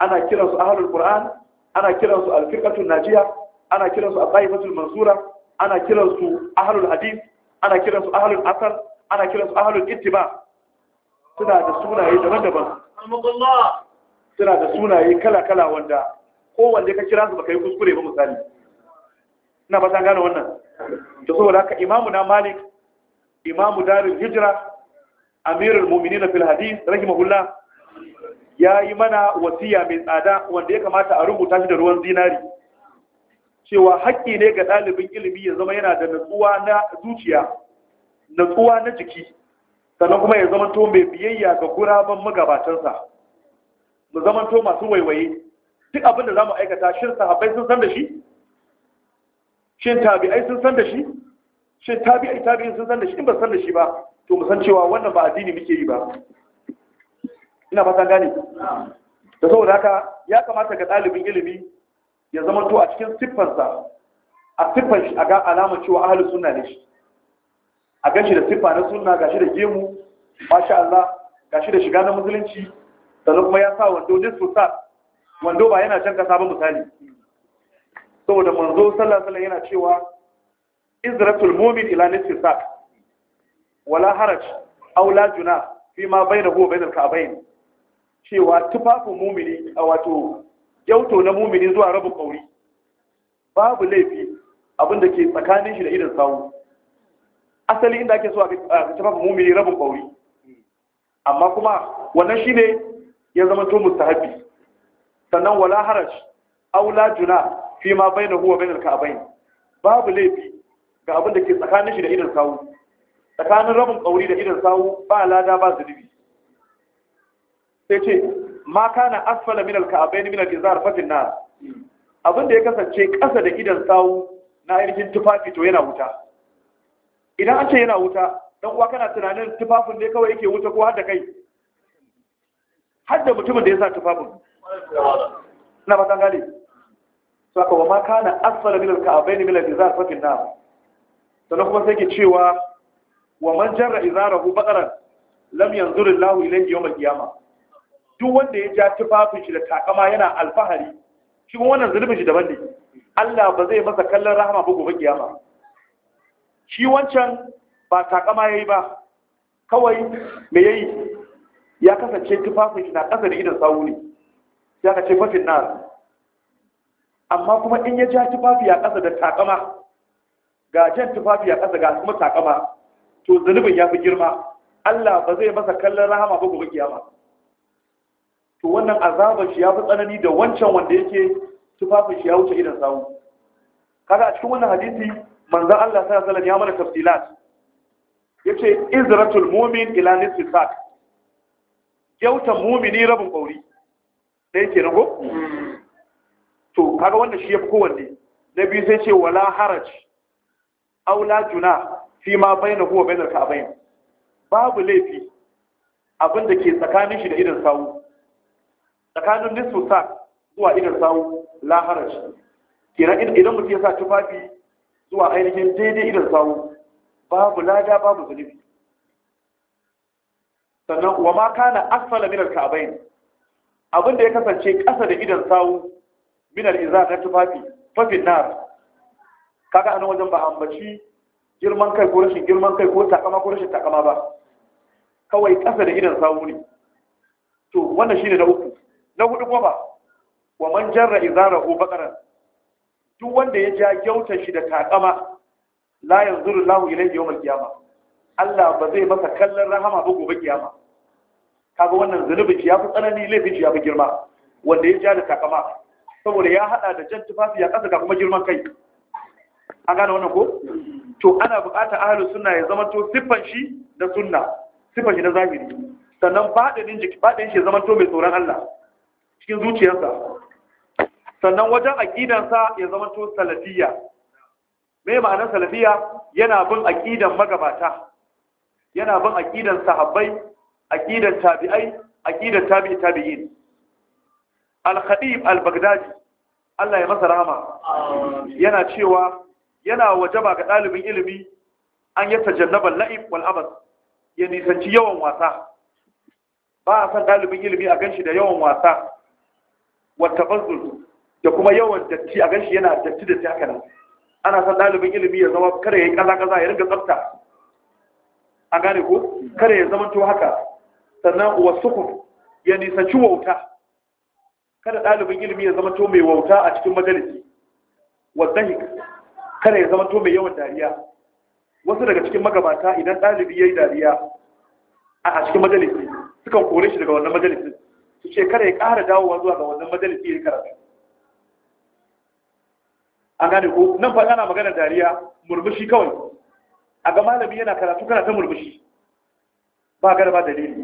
ana kiran su ahlul qur'an ana kiran su al najiya ana kiran su al mansura ana kiran su ahlul hadith ana kiran su ahlul asar ana kiran su ahlul ittiba suna da sunaye daban-daban suna da sunaye kala-kala wanda kowanne ka kira su baka yi kuskure ba misali ina ba san gane wannan da saboda haka imamu na malik imamu darin hijira amirul mu'minin fil hadith rahimahullah ya yi mana wasiya mai tsada wanda ya kamata a rubuta shi da ruwan zinari cewa haƙƙi ne ga ɗalibin ilimi ya zama yana da natsuwa na zuciya natsuwa na jiki sannan kuma ya zama to mai biyayya ga guraben magabatansa mu zamanto masu waiwaye duk abin da za mu aikata shin sahabbai sun san da shi shin tabi'ai sun san da shi shin tabi'ai tabi'in sun san da shi in ba san da shi ba to mu san cewa wannan ba addini muke yi ba ina fatan gane da saboda haka ya kamata ga ɗalibin ilimi ya zama to a cikin siffarsa a siffar shi a ga alamar cewa ahalin sunna ne shi a ganshi da siffa na sunna gashi da gemu masha Allah gashi da shiga na musulunci sannan kuma ya sa wando su sa wando ba yana canza sabon misali saboda manzo sallallahu alaihi yana cewa izratul mu'min ila nisfi sa wala haraj aw juna fi ma bai da bainal ka'bayn cewa tufafin mumini a wato yauto na mumini zuwa rabin kauri babu laifi abinda ke tsakanin shi da idan sawu asali inda ake so a tufafin mumini rabin kauri amma kuma wannan shi ne ya zama to mustahabi sannan wala haraj aula la juna fi ma bainahu wa bainal ka'bayn babu laifi ga abin da ke tsakanin shi da idan sawu tsakanin rabin kauri da idan sawu ba lada ba zunubi sai ce ma kana asfala min al-ka'bayn min al-izar fatin nar abin da ya kasance ƙasa da idan sawu na irin tufafi to yana wuta idan an ce yana wuta dan uwa kana tunanin tufafin ne kawai yake wuta ko har da kai har da mutumin da ya sa tufafin na ba gane aka wa maka na asfala min al-ka'bayn min al-izar fa na nar sannan kuma sai ke cewa wa man jarra izarahu bakarar lam zurin lahu ilai yawm al-qiyamah duk wanda ya ja tufafin shi da takama yana alfahari shi kuma wannan zulmin shi daban ne Allah ba zai masa kallon rahama ba gobe kiyama shi wancan ba takama ya yi ba kawai me yayi ya kasance tufafin shi na ƙasa da idan sawu ne ya kace mafin na amma kuma in ya ja tufafi a ƙasa da takama ga jan tufafi a ƙasa ga kuma takama to zunubin ya fi girma Allah ba zai masa kallon rahama ba gobe kiyama to wannan azabar shi ya fi tsanani da wancan wanda yake tufafin shi ya wuce idan sawu kaga a cikin wannan hadisi manzon Allah sallallahu alaihi wasallam ya mana tafsilat yace izratul mu'min ila nisfi sak kyautan mumini rabin kauri da yake nago? to kaga wannan shi ya fi kowanne na biyu sai ce wala haraj aula juna fi ma bayyana kuma bayyana ka bayan babu laifi abin da ke tsakanin shi da idan sawu tsakanin nisu sa zuwa idan sawu la haraj kira idan mutum ya sa tufafi zuwa ainihin daidai idan sawu babu lada babu zunubi sannan wa ma kana asfala minal kabayn abin da ya kasance ƙasa da idan sawu minal Iza izar na tufafi fafin nar kaga anan wajen ba ambaci girman kai ko rashin girman kai ko takama ko rashin takama ba kawai ƙasa da idan sawu ne to wannan shine na uku na hudu kuma ba wa man jarra ko baqaran duk wanda ya ja gyauta shi da takama la yanzuru lahu ilayhi yawm al-qiyamah Allah ba zai masa kallon rahama ba gobe kiyama kaga wannan zunubin ya fi tsanani laifin ya fi girma wanda ya ja da takama saboda ya hada da jan tufafi ya kasa ga kuma girman kai an gane wannan ko to ana bukata ahlus sunna ya zama to siffan shi da sunna siffan shi na zahiri sannan baɗinin jiki fadin shi ya zama to mai tsoron Allah cikin zuciyarsa sannan wajen aƙidansa ya zama to salafiyya me ma'anar salafiyya yana bin aqidan magabata yana bin aƙidan sahabbai aqidar tabi'ai aqidar tabi'i tabi'in al-khatib al-baghdadi Allah ya masa rahama yana cewa yana wajaba ga dalibin ilimi an ya tajannaba la'ib wal abas ya nisanci yawan wasa ba a san dalibin ilimi a ganshi da yawan wasa wata tabazzul da kuma yawan datti a ganshi yana datti da haka nan ana san dalibin ilimi ya zama kare yayi kaza kaza ya ringa tsafta a gane ko kare ya zama to haka sannan uwa sukun ya nisanci wauta kada ɗalibin ilimi ya zama to mai wauta a cikin majalisi wadahik kada ya zama to mai yawan dariya wasu daga cikin magabata idan ɗalibi ya yi dariya a cikin majalisi sukan kore shi daga wannan majalisin su ce kada ya ƙara dawowa zuwa ga wannan majalisi ya yi karatu an gane ko nan fa ana magana dariya murmushi kawai a ga malami yana karatu kana ta murmushi ba gara ba dalili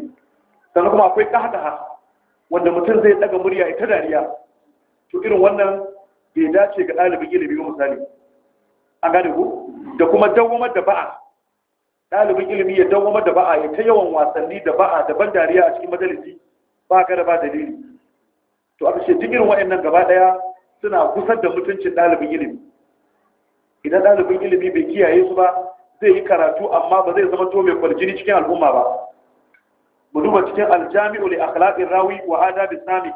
sannan kuma akwai kahadaha wanda mutum zai daga murya ita dariya to irin wannan bai dace ga ɗalibin ilimi ba misali an gane ku da kuma dawamar da ba'a ɗalibin ilimi ya dawamar da ba'a ya ta yawan wasanni da ba'a da ban dariya a cikin majalisi ba gara ba dalili to a ce duk irin waɗannan gaba ɗaya suna kusar da mutuncin ɗalibin ilimi idan ɗalibin ilimi bai kiyaye su ba zai yi karatu amma ba zai zama to mai kwaljini cikin al'umma ba mu duba cikin aljami'u li akhlaqir rawi wa adab islami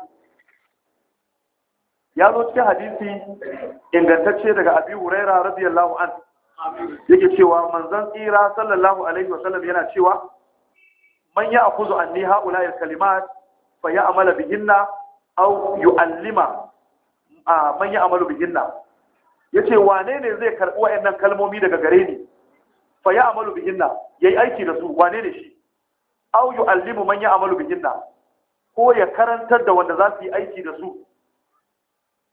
ya zo cikin hadisi ingantacce daga abi huraira radiyallahu an yake cewa manzon tsira sallallahu alaihi Sallam yana cewa man ya akuzu anni haula al kalimat fa ya'mala bihinna aw yu'allima man ya amalu bihinna yace wane ne zai karbi wayannan kalmomi daga gare ni fa ya'malu bihinna yayi aiki da su wane ne shi au yu'allimu man ya'malu bihinna ko ya karantar da wanda za su yi aiki da su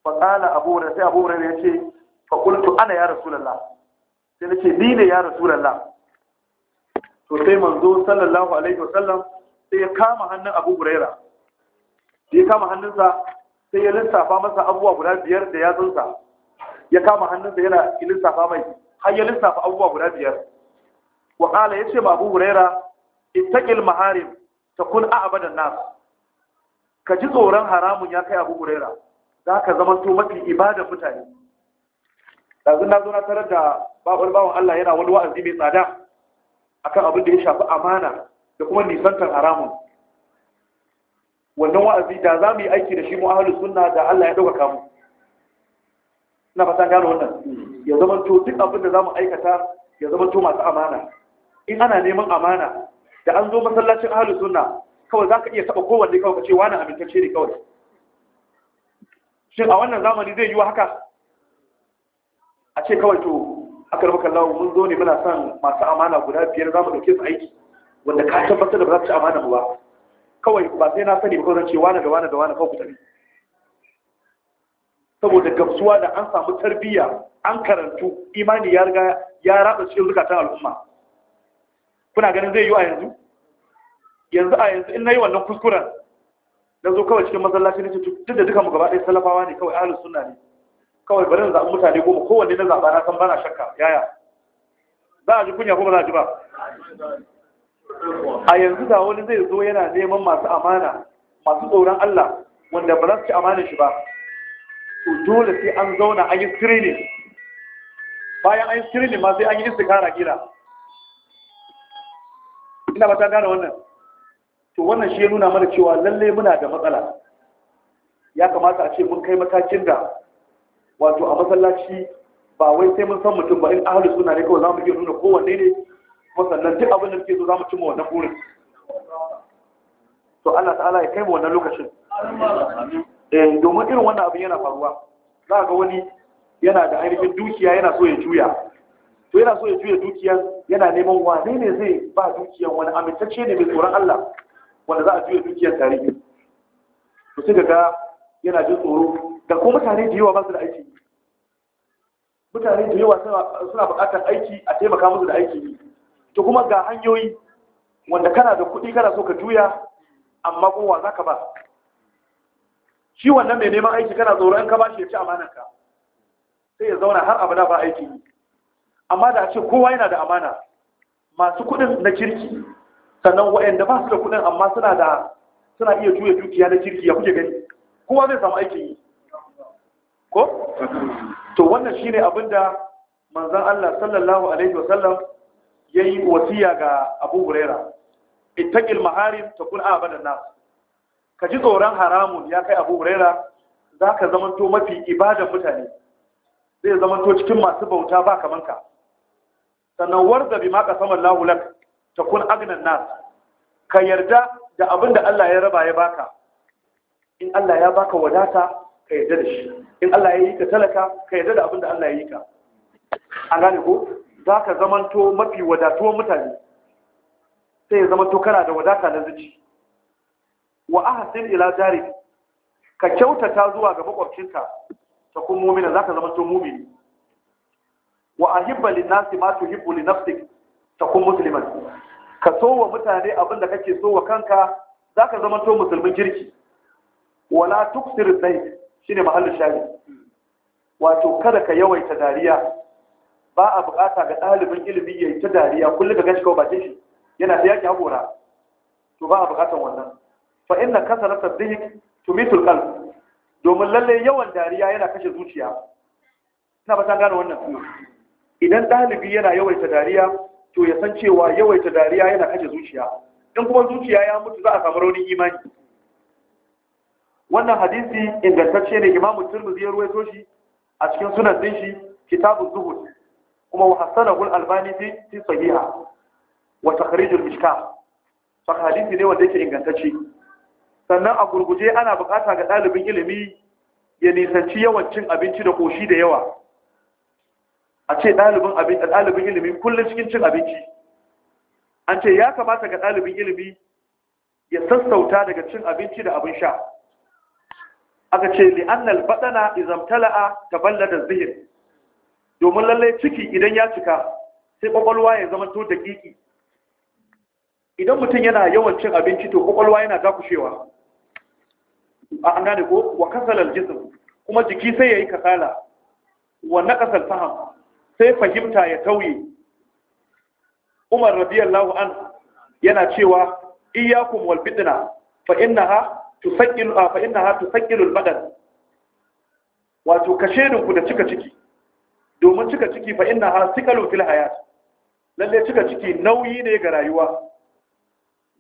fa qala abu hurairah sai abu hurairah yace fa qultu ana ya rasulullah sai nace ni ne ya rasulullah to sai manzo sallallahu alaihi wasallam sai ya kama hannun abu hurairah sai ya kama hannunsa sai ya lissafa masa abubuwa guda biyar da zunsa ya kama hannunsa yana lissafa mai har ya lissafa abubuwa guda biyar wa qala yace ma abu hurairah ittaqil maharim takun a'badan nas ka ji tsoron haramun ya kai abu huraira za ka zama to mafi ibada mutane ɗazu na zo na tarar da babar bawan Allah yana wani wa'azi mai tsada akan abin da ya shafi amana da kuma nisantar haramun wannan wa'azi da za mu yi aiki da shi mu ahlus sunna da Allah ya dauka mu ina fata gano wannan ya zama to duk abin da za mu aikata ya zama to masu amana in ana neman amana da an zo masallacin ahlus sunna kawai zaka iya saba kowanne kawai ka ce wani amintacce ne kawai shin a wannan zamani zai yi wa haka a ce kawai to aka rubu lawon mun zo ne muna son masu amana guda biyar za mu su aiki wanda ka tabbatar da ba za ci amana mu ba kawai ba sai na sani ba kawai ce wani da wani da wani kawai ku tafi saboda gamsuwa da an samu tarbiyya an karantu imani ya riga ya raba cikin zukatan al'umma kuna ganin zai yi a yanzu yanzu a yanzu in yi wannan kuskuren na zo kawai cikin na cikin duk da duka mu gaba ɗaya salafawa ne kawai ahlus suna ne kawai bari na zaɓi mutane goma kowanne na zaɓa na san bana shakka yaya za a ji kunya ko ba za a ji ba a yanzu da wani zai zo yana neman masu amana masu tsoron Allah wanda ba za su ci amanar shi ba to dole sai an zauna an yi screening bayan an yi screening ma sai an yi istikara gida ina ba ta gane wannan to wannan shi ya nuna mana cewa lalle muna da matsala ya kamata a ce mun kai matakin da wato a masallaci ba wai sai mun san mutum ba in ahalus suna ne kawai za mu iya nuna kowanne ne kuma sannan duk abin da muke so za mu cimma wannan burin to Allah ta'ala ya kai mu wannan lokacin eh domin irin wannan abin yana faruwa za ga wani yana da ainihin dukiya yana so ya juya to yana so ya juya dukiya yana neman wane ne zai ba dukiya wani amintacce ne mai tsoron Allah wanda za a juya dukiyar tare to sai ga yana jin tsoro da ko mutane da yawa ba su da aiki mutane da yawa suna buƙatar aiki a taimaka musu da aiki to kuma ga hanyoyi wanda kana da kuɗi kana so ka juya amma kowa za ka ba shi wannan mai neman aiki kana tsoron ka ba shi ya ci amanarka sai ya zauna har abada ba aiki amma da ce kowa yana da amana masu kuɗin na kirki sannan waɗanda ba su da kuɗin amma suna da suna iya juya dukiya na kirki ya kuke gani kowa zai samu aikin yi ko to wannan shine abin da manzon Allah sallallahu alaihi wasallam yayi wasiya ga Abu Huraira ittaqil maharim takun abadan nas ka ji tsoron haramun ya kai Abu Huraira zaka zamanto mafi ibada mutane zai zamanto cikin masu bauta ba kamar sannan warza bi ma kasama Allahu lak takun agnan nas ka yarda da abin da Allah ya raba ya baka in Allah ya baka wadata ka yarda da shi in Allah ya yi ka talaka ka yarda da abin da Allah ya yi ka an gane ko za ka zamanto mafi wadatuwar mutane sai ya zamanto kana da wadata na zuci wa ahsin ila jarik ka kyautata zuwa ga makwabcinka ta kun mumina za ka zamanto mumini wa ahibba lin nasi ma tuhibbu li nafsik takun musliman ka so wa mutane abinda kake so wa kanka zaka zama to musulmin kirki wala tuksir dai shine mahallin shari wato kada ka yawaita dariya ba a bukata ga ɗalibin ilimi yayi ta dariya kullum ka gashi kawai bakin shi yana da yaki hakora to ba a bukatan wannan fa inna kasarata dhik tumitul qalb domin lalle yawan dariya yana kashe zuciya ina ba ta gane wannan idan ɗalibi yana yawaita dariya to ya san cewa yawaita dariya yana kashe zuciya in kuma zuciya ya mutu za a samu raunin imani wannan hadisi ingantacce ne imamu turmuzi ya ruwaito shi a cikin sunan din shi kitabun zuhud kuma wa hasana al-albani fi sahiha wa takhrij mishka mishkah hadisi ne wanda yake ingantacce sannan a gurguje ana bukata ga ɗalibin ilimi ya nisanci yawan cin abinci da koshi da yawa a ce ɗalibin ilimi kullum cikin cin abinci an ce ya kamata ga ɗalibin ilimi ya sassauta daga cin abinci da abin sha aka ce li'annal baɗana tala'a ta da zihin domin lallai ciki idan ya cika sai ƙwaƙwalwa ya zama to daƙiƙi idan mutum yana yawan cin abinci to ƙwaƙwalwa yana dakushewa a an gane ko wa kasalar jisim kuma jiki sai ya yi kasala wa naƙasar faham sai fahimta ya tauye umar radiyallahu an yana cewa iyyakum wal fitna fa innaha tusaqilu ah, fa innaha tusaqilu al badan wato kashe ku da cika ciki domin cika ciki fa innaha sikalu fil hayat lalle cika ciki nauyi ne ga rayuwa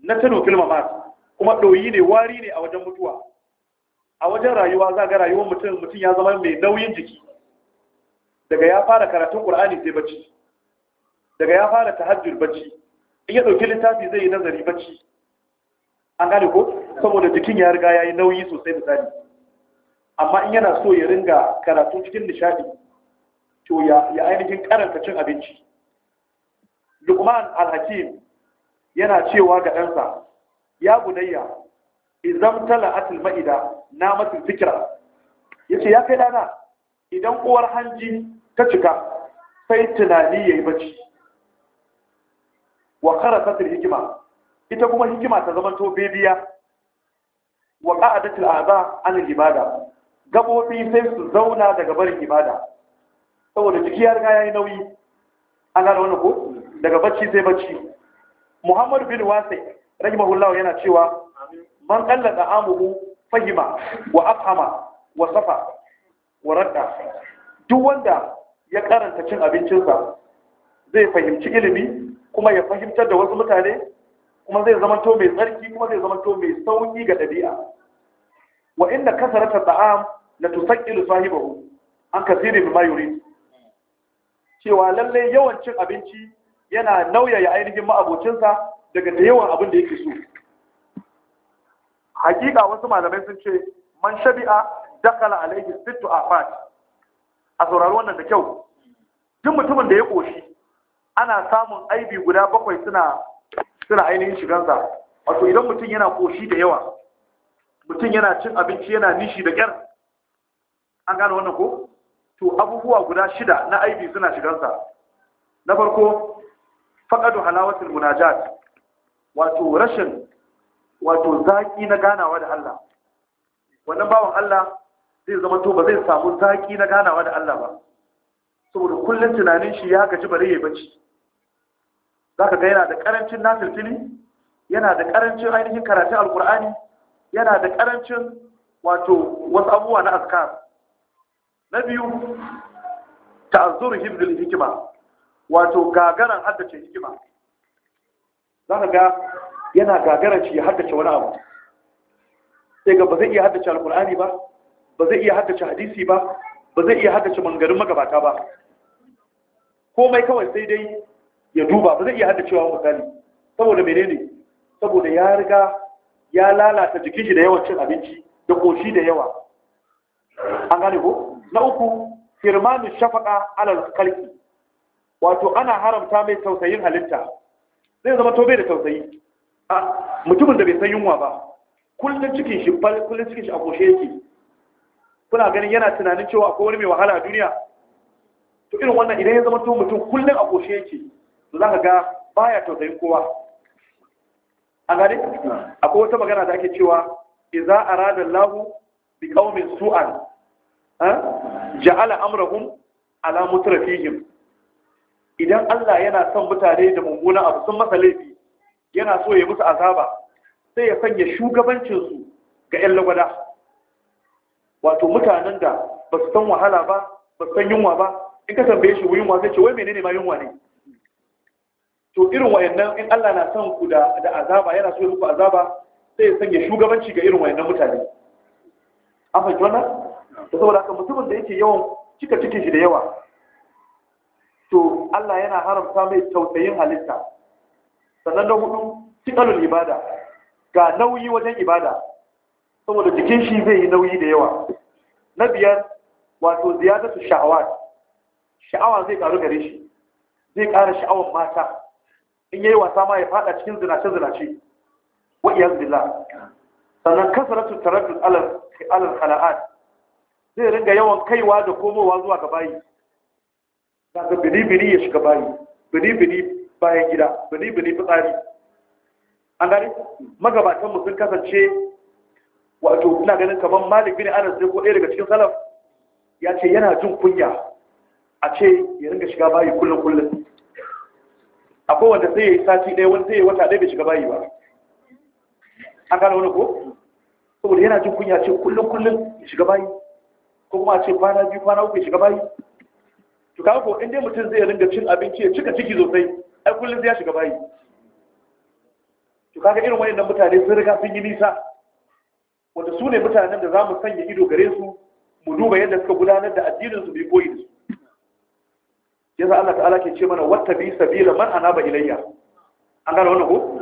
na tano fil mamat kuma doyi ne wari ne a wajen mutuwa a wajen rayuwa za ga rayuwar mutum mutum ya zama mai nauyin jiki daga ya fara karatun ƙur'ani sai bacci daga ya fara tahajjud bacci in ya dauki littafi zai yi nazari bacci an gane ko saboda jikin ya riga ya yi nauyi sosai misali amma in yana so ya ringa karatu cikin nishadi to ya ya ainihin karanta cin abinci lukman alhakim yana cewa ga ɗansa ya bunayya idan atul ma'ida na matul Ya yace ya kai dana idan uwar hanji ta cika sai tunani ya yi bacci wa karasatul hikima ita kuma hikima ta zama to bebiya wa qa'adatul a'za an ibada gabobi sai su zauna daga barin ibada saboda jiki ya riga yayi nauyi an gane wannan ko daga bacci sai bacci muhammad bin wasi rahimahullahu yana cewa man qallada amuhu fahima wa afhama wa safa wa radda duk wanda ya karanta cin abincinsa zai fahimci ilimi kuma ya fahimtar da wasu mutane kuma zai zama to mai tsarki kuma zai zama to mai sauki ga ɗabi'a wa inna kasarata ta'am la tusaqilu sahibahu an kasiri bi mayuri cewa lalle yawan cin abinci yana nauya ya ainihin ma'abocinsa daga da yawan abin da yake so hakika wasu malamai sun ce man shabi'a dakala alaihi sittu afat a saurari wannan da kyau duk mutumin da ya ƙoshi, ana samun aibi guda bakwai suna suna ainihin shigansa wato idan mutum yana koshi da yawa mutum yana cin abinci yana nishi da ƙyar an gane wannan ko to abubuwa guda shida na aibi suna shigansa na farko faƙadu halawatul munajat wato rashin wato zaƙi na ganawa da Allah wannan bawan Allah zai zama to ba zai samu zaki na ganawa da Allah ba saboda kullum tunanin shi ya gaji bare yayi bacci zaka ga yana da karancin nafilfili yana da karancin ainihin karatu alqur'ani yana da karancin wato wasu abubuwa na azkar na biyu ta'azzur hibdul hikima wato gagaran haddace hikima zaka ga yana gagaran shi ya haddace wani abu sai ga ba zai iya haddace alqur'ani ba ba zai iya haddace hadisi ba ba zai iya haddace mangarin magabata ba komai kawai sai dai ya duba ba zai iya haddacewa misali saboda menene saboda ya riga ya lalata jikin shi da yawan cin abinci da koshi da yawa an gane ko na uku firmanin shafaka alal kalki wato ana haramta mai tausayin halitta zai zama tobe da tausayi a mutumin da bai san yunwa ba kullun cikin shi kullun cikin shi a koshe yake kuna ganin yana tunanin cewa akwai wani mai wahala a duniya to irin wannan idan ya zama tumutu mutum kullum a koshe yake to za ka ga baya tausayin kowa a gari akwai wata magana da ake cewa iza arada lahu bi qaumin su'an eh, ja'ala amrahum ala mutrafihim idan Allah yana son mutane da mummuna abu sun masa laifi yana so ya musu azaba sai ya sanya shugabancin su ga 'yan lagwada wato mutanen da ba su san wahala ba ba su san yunwa ba in ka tambaye shi yunwa zai ce wai menene ma yunwa ne to irin wayannan in Allah na son ku da da azaba yana so ya azaba sai ya sanya shugabanci ga irin wayannan mutane an fahimci wannan da saboda haka mutumin da yake yawan cika cikin shi da yawa to Allah yana haramta mai tausayin halitta sannan na hudu cikalul ibada ga nauyi wajen ibada saboda jikin shi zai yi nauyi da yawa na biyar wato su sha'awa sha'awa zai karu gare shi zai kara sha'awar mata in yayi wasa ma ya fada cikin zinace zinace wa iyaz billah sannan kasratu taraddud alal alal khala'at zai ringa yawan kaiwa da komowa zuwa ga bayi daga bini-bini ya shiga bayi bini-bini bayan gida bini-bini fitsari an gani magabatanmu sun kasance wato ina ganin kamar malik bin anas ne ko ɗaya daga cikin salaf ya ce yana jin kunya a ce ya ringa shiga bayi kullum kullum akwai wanda sai ya yi sati ɗaya wani sai ya wata ɗaya bai shiga bayi ba an gano wani ko saboda yana jin kunya ce kullum kullum ya shiga bayi ko kuma a ce kwana biyu kwana uku ya shiga bayi to kawai ko inda mutum zai ringa cin abinci ya cika ciki sosai ai kullum zai ya shiga bayi to kaga irin wayannan mutane sun riga sun yi nisa wanda su ne mutanen da za mu sanya ido gare su mu duba yadda suka gudanar da addinin su bai koyi da su yasa Allah ta'ala ke ce mana bi sabila man ba ilayya an gane wannan ko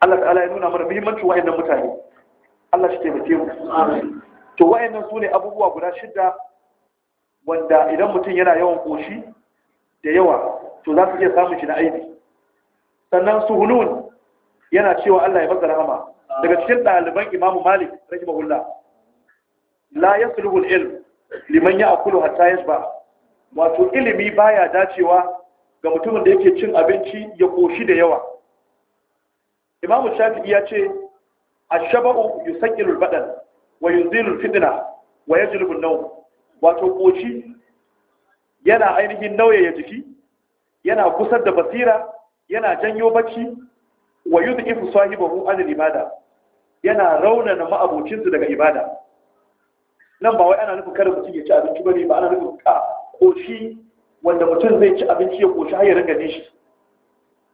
Allah ta'ala ya nuna mana muhimmancin wayannan mutane Allah shi mace mu to wayannan su ne abubuwa guda shida wanda idan mutum yana yawan koshi da yawa to za su iya samun shi na aibi sannan suhunun yana cewa Allah ya masa rahama daga cikin ɗaliban imamu malik rahimahullah la yasluhu sulhul ilm liman akulu hatta ba, wato ilimi baya dacewa ga mutumin da yake cin abinci ya koshi da yawa imamu shafi'i ya ce a shabau yusaqilu al-badan wa yunzilu al wa yajlibu an-nawm wato koshi yana ainihin ya jiki yana kusar da basira yana janyo bacci wa yudhifu sahibahu an al-ibada yana raunana ma'abocinsu daga ibada nan ba wai ana nufin kada mutum ya ci abinci ba ne, ba ana nufin ka koshi wanda mutum zai ci abinci ya koshi har ya shi.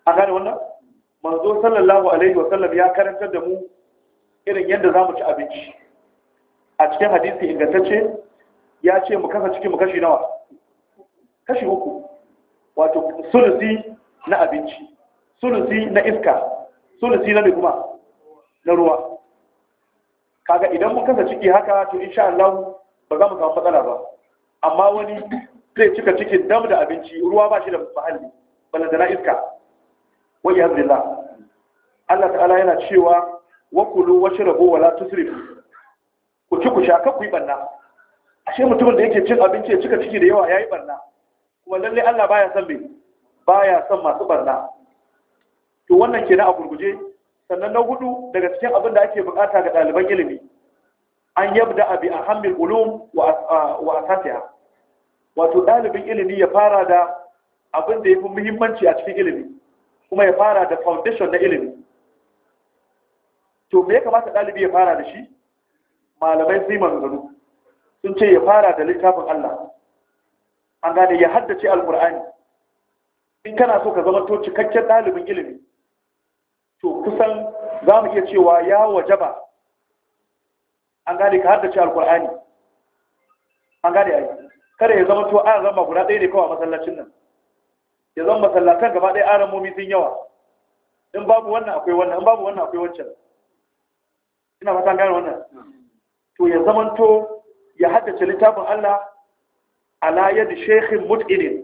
a gane wannan manzo sallallahu alaihi wa sallam ya karantar da mu irin yadda za mu ci abinci a cikin hadisi ingantacce ya ce mu kasa cikin mu kashi nawa kashi uku wato sulusi na abinci sulusi na iska sulusi na mai kuma na ruwa kaga idan mun kasa ciki haka to insha Allah ba za mu samu matsala ba amma wani zai cika ciki dam da abinci ruwa ba shi da muhalli, bala da iska wa yahzillah Allah ta'ala yana cewa wa kulu washrabu wala tusrifu ku ci ku sha ka ku yi banna ashe mutumin da yake cin abinci ya cika ciki da yawa yayi barna kuma lalle Allah baya son me baya son masu barna to wannan kenan a gurguje sannan na hudu daga cikin abin da ake bukata ga ɗaliban ilimi an yabda abi a hamil ulum wa asasiya wato ɗalibin ilimi ya fara da abin da ya fi muhimmanci a cikin ilimi kuma ya fara da foundation na ilimi to me ya kamata ɗalibi ya fara da shi malamai sai manzanu sun ce ya fara da littafin Allah an gane ya haddace alkur'ani in kana so ka zama to cikakken ɗalibin ilimi to kusan za mu iya cewa ya wajaba an gane ka haddace alkur'ani an gane ai kada ya zama to an zama guda ɗaya ne kawai a masallacin nan ya zama masallatan gaba ɗaya aran momi sun yawa in babu wannan akwai wannan in babu wannan akwai wancan ina fata gane wannan to ya zama to ya haddace littafin Allah ala yad shekhin mut'inin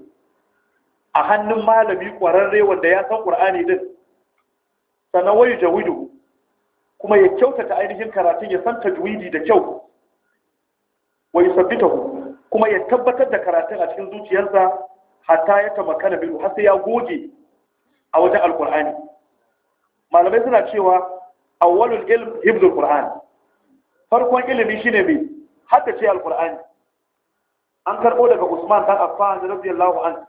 a hannun malami ƙwararre wanda ya san ƙur'ani din sannan wayu jawidu kuma ya kyautata ainihin karatun ya san tajwidi da kyau wa yusabbitahu kuma ya tabbatar da karatun a cikin zuciyarsa hatta ya tamakana bilu har sai ya goge a wajen alkur'ani malamai suna cewa awwalul ilm hibdul qur'an farkon ilimi shine me ce alkur'ani an karbo daga Usman dan Affan radiyallahu anhu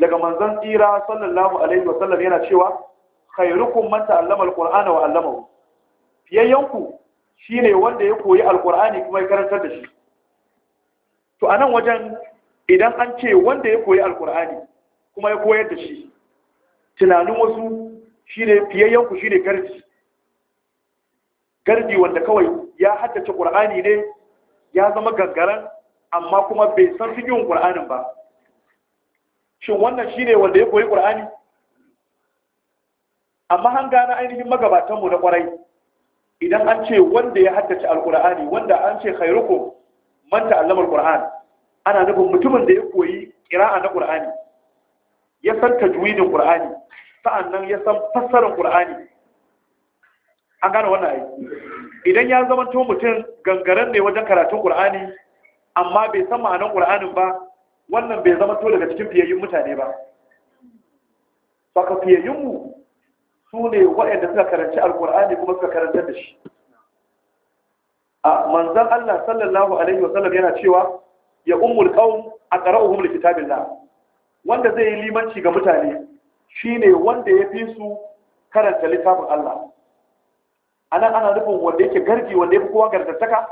daga manzon tsira sallallahu alaihi wa yana cewa khairukum man ta'allama al-qur'ana wa 'allamahu fiyayyanku shine wanda ya koyi al-qur'ani kuma ya karantar da shi to anan wajen idan an ce wanda ya koyi al-qur'ani kuma ya koyar da shi tunanin wasu shine fiyayyanku shine garji garji wanda kawai ya haddace qur'ani ne ya zama gangaran amma kuma bai san fiqhin qur'anin ba shin wannan shine wanda ya koyi qur'ani amma an gane ainihin magabatanmu na kwarai idan an ce wanda ya haddace alkur'ani wanda an ce kairuko man ta'allama alkur'an ana nufin mutumin da ya koyi qira'a na qur'ani ya san tajwidin qur'ani sa'annan ya san fassarar qur'ani an gane wannan ai idan ya zama to mutum gangaren ne wajen karatun qur'ani amma bai san ma'anar qur'anin ba wannan bai zama to daga cikin fiyayyun mutane ba saka mu? su ne waɗanda suka karanci alkur'ani kuma suka karantar da shi a manzan Allah sallallahu alaihi wasallam yana cewa ya ummul qaum aqra'uhum likitabillah wanda zai yi limanci ga mutane shine wanda ya fi su karanta littafin Allah anan ana nufin wanda yake gargi wanda yake kowa gardattaka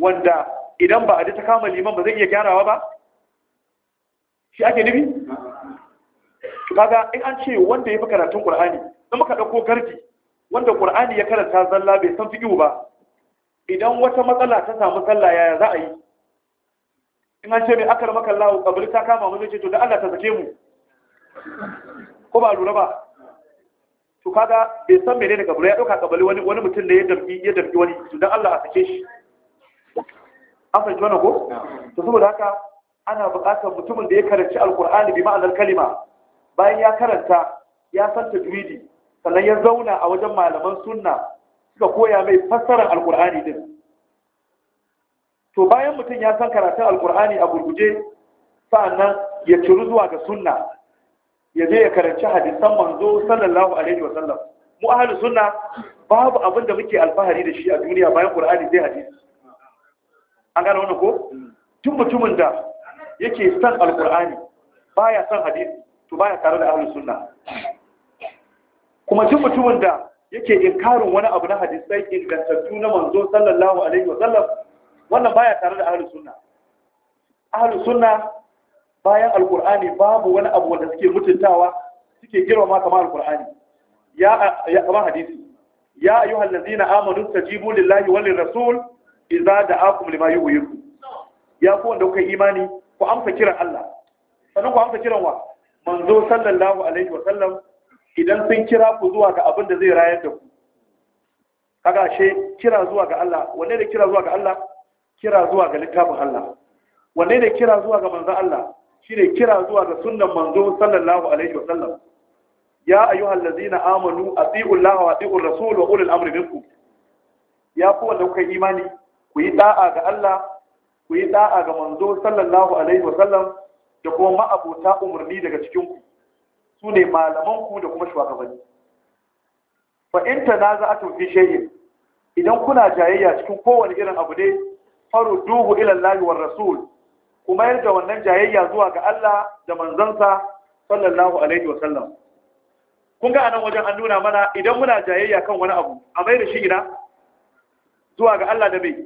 wanda idan ba a ji ta kama liman ba zai iya gyarawa ba shi ake nufi kaga in an ce wanda ya fi karatun ƙur'ani in maka ɗauko gardi wanda ƙur'ani ya karanta zalla bai san fiqhu ba idan wata matsala ta samu sallah yaya za a yi in an ce mai akar maka lawo kabari ta kama mu ce to da Allah ta zake mu ko ba lura ba to kaga bai san menene kabari ya ɗauka kabari wani wani mutum ne ya dambi ya dambi wani to da Allah a sake shi an fahimci wannan ko to saboda haka ana buƙatar mutumin da ya karanci Alƙur'ani bi ma'anar kalima bayan ya karanta ya san tajwidi sannan ya zauna a wajen malaman sunna suka koya mai fassarar alkur'ani din to bayan mutum ya san karatun alkur'ani a gurguje sa'annan ya ciru zuwa ga sunna ya je ya karanci hadisan manzo sallallahu alaihi wa sallam mu ahli sunna babu abin da muke alfahari da shi a duniya bayan qur'ani sai hadisi an gane wannan ko tun hmm. mutumin da yake san alqur'ani baya san hadisi to baya tare da ahlus sunna kuma duk mutumin da yake inkarin wani abu na hadisai ingantattu na manzo sallallahu alaihi wa sallam wannan baya tare da ahlus sunna ahlus sunna bayan alqur'ani babu wani abu wanda suke mutuntawa suke girmama kamar alqur'ani ya ya kamar hadisi ya ayyuhal ladina amanu tajibu lillahi wal rasul idza da'akum lima yuhyikum ya ku wanda kuka imani ku amsa kiran Allah sannan ku amsa kiran wa manzo sallallahu alaihi wa sallam idan sun kira ku zuwa ga abin da zai rayar da ku kaga she kira zuwa ga Allah wanne ne kira zuwa ga Allah kira zuwa ga littafin Allah wanne ne kira zuwa ga manzo Allah shine kira zuwa ga sunnan manzo sallallahu alaihi wa sallam ya ayyuhal ladzina amanu atiiu Allah wa atiiu rasul wa ulul amri minkum ya ku wanda kuka imani ku yi da'a ga Allah ku yi da'a ga manzo sallallahu alaihi wa sallam da kuma ma'abota umarni daga cikinku su ne malamanku da kuma shugabanni ta na za a tafi shayin idan kuna jayayya cikin kowane irin abu ne faru duhu ilan layuwar rasul kuma yadda wannan jayayya zuwa ga Allah da manzansa sallallahu alaihi wasallam kun ga anan wajen an nuna mana idan muna jayayya kan wani abu a mai da shi ina zuwa ga Allah da bai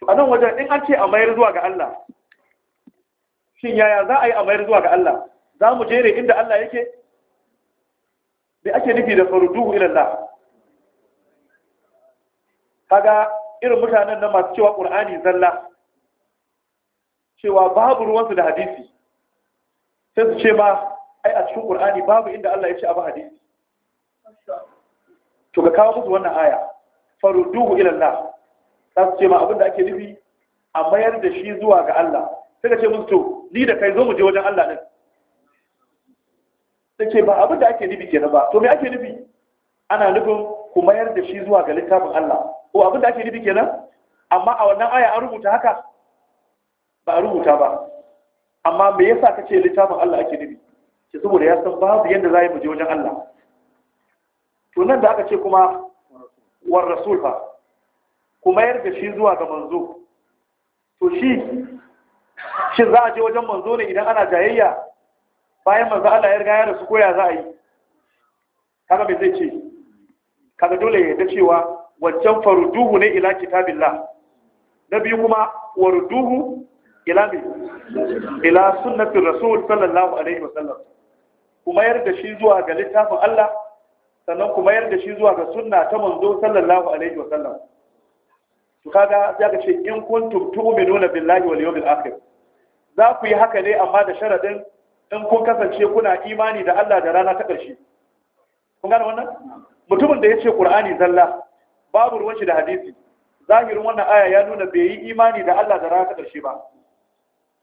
to anan wajen in an ce a mayar zuwa ga Allah shin yaya za a yi a mayar zuwa ga Allah za mu jere inda Allah yake da ake nufi da faruduhu ilallah kaga irin mutanen nan masu cewa ƙur'ani zalla cewa babu ruwansu da hadisi sai su ce ma ai a cikin ƙur'ani babu inda Allah ya ce abu hadisi to ga kawo musu wannan aya faruduhu ilallah za su ce ma abin da ake nufi a mayar da shi zuwa ga Allah sai ka ce musu to ni da kai zo mu je wajen Allah din take ba abin da ake nufi kenan ba to me ake nufi ana nufin ku mayar da shi zuwa ga littafin Allah ko abin da ake nufi kenan amma a wannan aya an rubuta haka ba a rubuta ba amma me yasa kace littafin Allah ake nufi ce saboda ya san babu yanda za mu je wajen Allah to nan da aka ce kuma war rasul fa ku mayar da shi zuwa ga manzo to shi shin za a je wajen manzo ne idan ana jayayya bayan manzo Allah ya riga ya rasu koya za a yi kaga me zai ce kaga dole ya da cewa wancan faruduhu ne ila kitabillah na biyu kuma warduhu ila me ila sunnatir rasul sallallahu alaihi wasallam kuma da shi zuwa ga littafin Allah sannan kuma da shi zuwa ga sunna ta manzo sallallahu alaihi wasallam kaga za ka ce in kuntum tu'minuna billahi wal yawmil akhir za ku yi haka ne amma da sharadin in kun kasance kuna imani da Allah da rana ta ƙarshe kun gane wannan mutumin da ya ce qur'ani zalla babu ruwan shi da hadisi zahirin wannan aya ya nuna bai yi imani da Allah da rana ta ƙarshe ba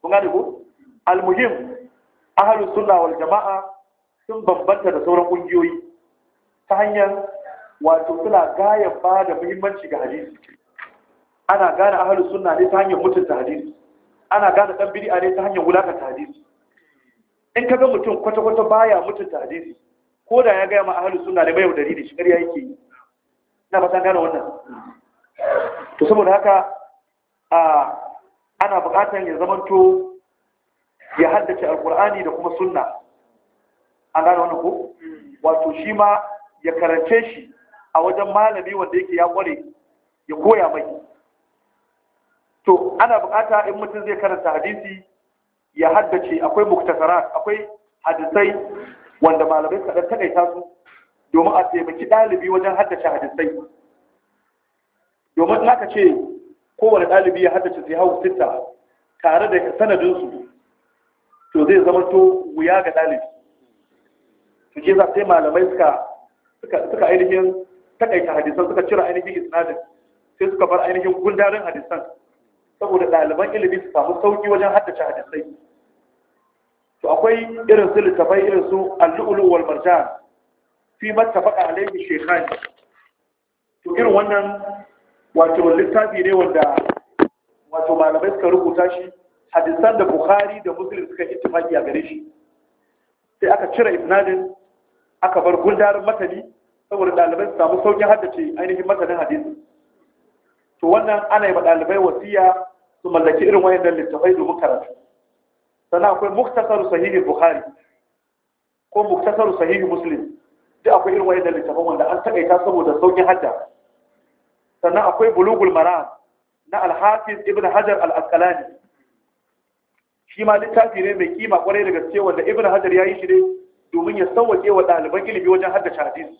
kun gane ko almuhim ahlus sunna wal jama'a sun bambanta da sauran kungiyoyi ta hanyar wato kula gayan ba da muhimmanci ga hadisi ana gane ahlus sunna ne ta hanyar mutunta hadisi ana gane dan bid'a ne ta hanyar wulakanta hadisi in kaga mutum kwata-kwata baya mutunta hadisi ko da ya gaya ma ahlus sunna ne bai yaudari da shi ƙarya yake yi ina san gane wannan to saboda haka a ana buƙatar ya zamanto ya haddace alkur'ani da kuma sunna an gane wannan ko wato shi ma ya karance shi a wajen malami wanda yake ya kware ya koya mai to ana bukata in mutum zai karanta hadisi ya haddace akwai muktasarat akwai hadisai wanda malamai kaɗan taƙaita su domin a taimaki ɗalibi wajen haddace hadisai domin in ce kowane ɗalibi ya haddace sai hau sita tare da sanadinsu to zai zama to wuya ga ɗalibi to ke za sai malamai suka suka ainihin taƙaita hadisan suka cire ainihin isnadin sai suka bar ainihin gundarin hadisan saboda ɗaliban ilimi su samu sauƙi wajen haddace hadisai to akwai irin su littafai irin su al-lu'lu wal marjan fi mattafaqa alayhi shaykhan to irin wannan wato littafi ne wanda wato malamai suka rubuta shi hadisan da bukhari da muslim suka ittifaqi a gare shi sai aka cire isnadin aka bar gundarin matani saboda ɗaliban su samu sauƙin haddace ainihin matanin hadisi to wannan ana yi ɗalibai wasiya su mallaki irin wayannan littafai domin karatu sannan akwai muktasaru sahihi Buhari ko muktasaru sahihi muslim duk akwai irin wayannan littafan wanda an taɓa takaita saboda sauƙin hajja. sannan akwai bulugul maram na alhafiz ibn hajar al-asqalani shi ma littafi ne mai kima kwarai da gaske wanda ibn hajar ya yi shi ne domin ya sauwaƙe wa ɗaliban ilimi wajen haddace hadisi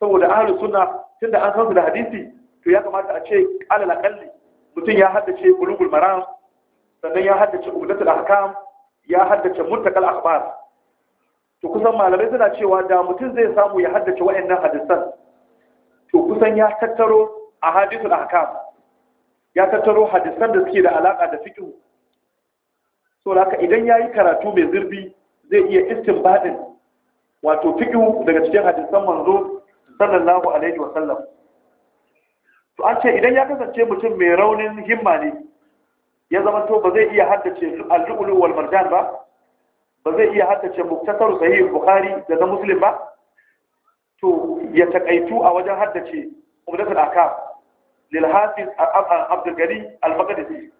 saboda ahlus sunna tunda an san su da hadisi to ya kamata a ce alal akalli mutum ya haddace bulugul maram sannan ya haddace ubudatul ahkam ya haddace muntakal akhbar to kusan malamai suna cewa da mutum zai samu ya haddace waɗannan hadisan to kusan ya tattaro ahadithul ahkam ya tattaro hadisan da suke da alaka da fiqh so laka idan yayi karatu mai zurbi zai iya istinbadin wato fiqh daga cikin hadisan manzo sallallahu alaihi wasallam to an ce idan ya kasance mutum mai raunin himma ne ya zama to ba zai iya haddace al-lu'lu wal marjan ba ba zai iya haddace muktasar sahih bukhari da na muslim ba to ya takaitu a wajen haddace umdatul akam lil hafiz abdul gani al-maqdisi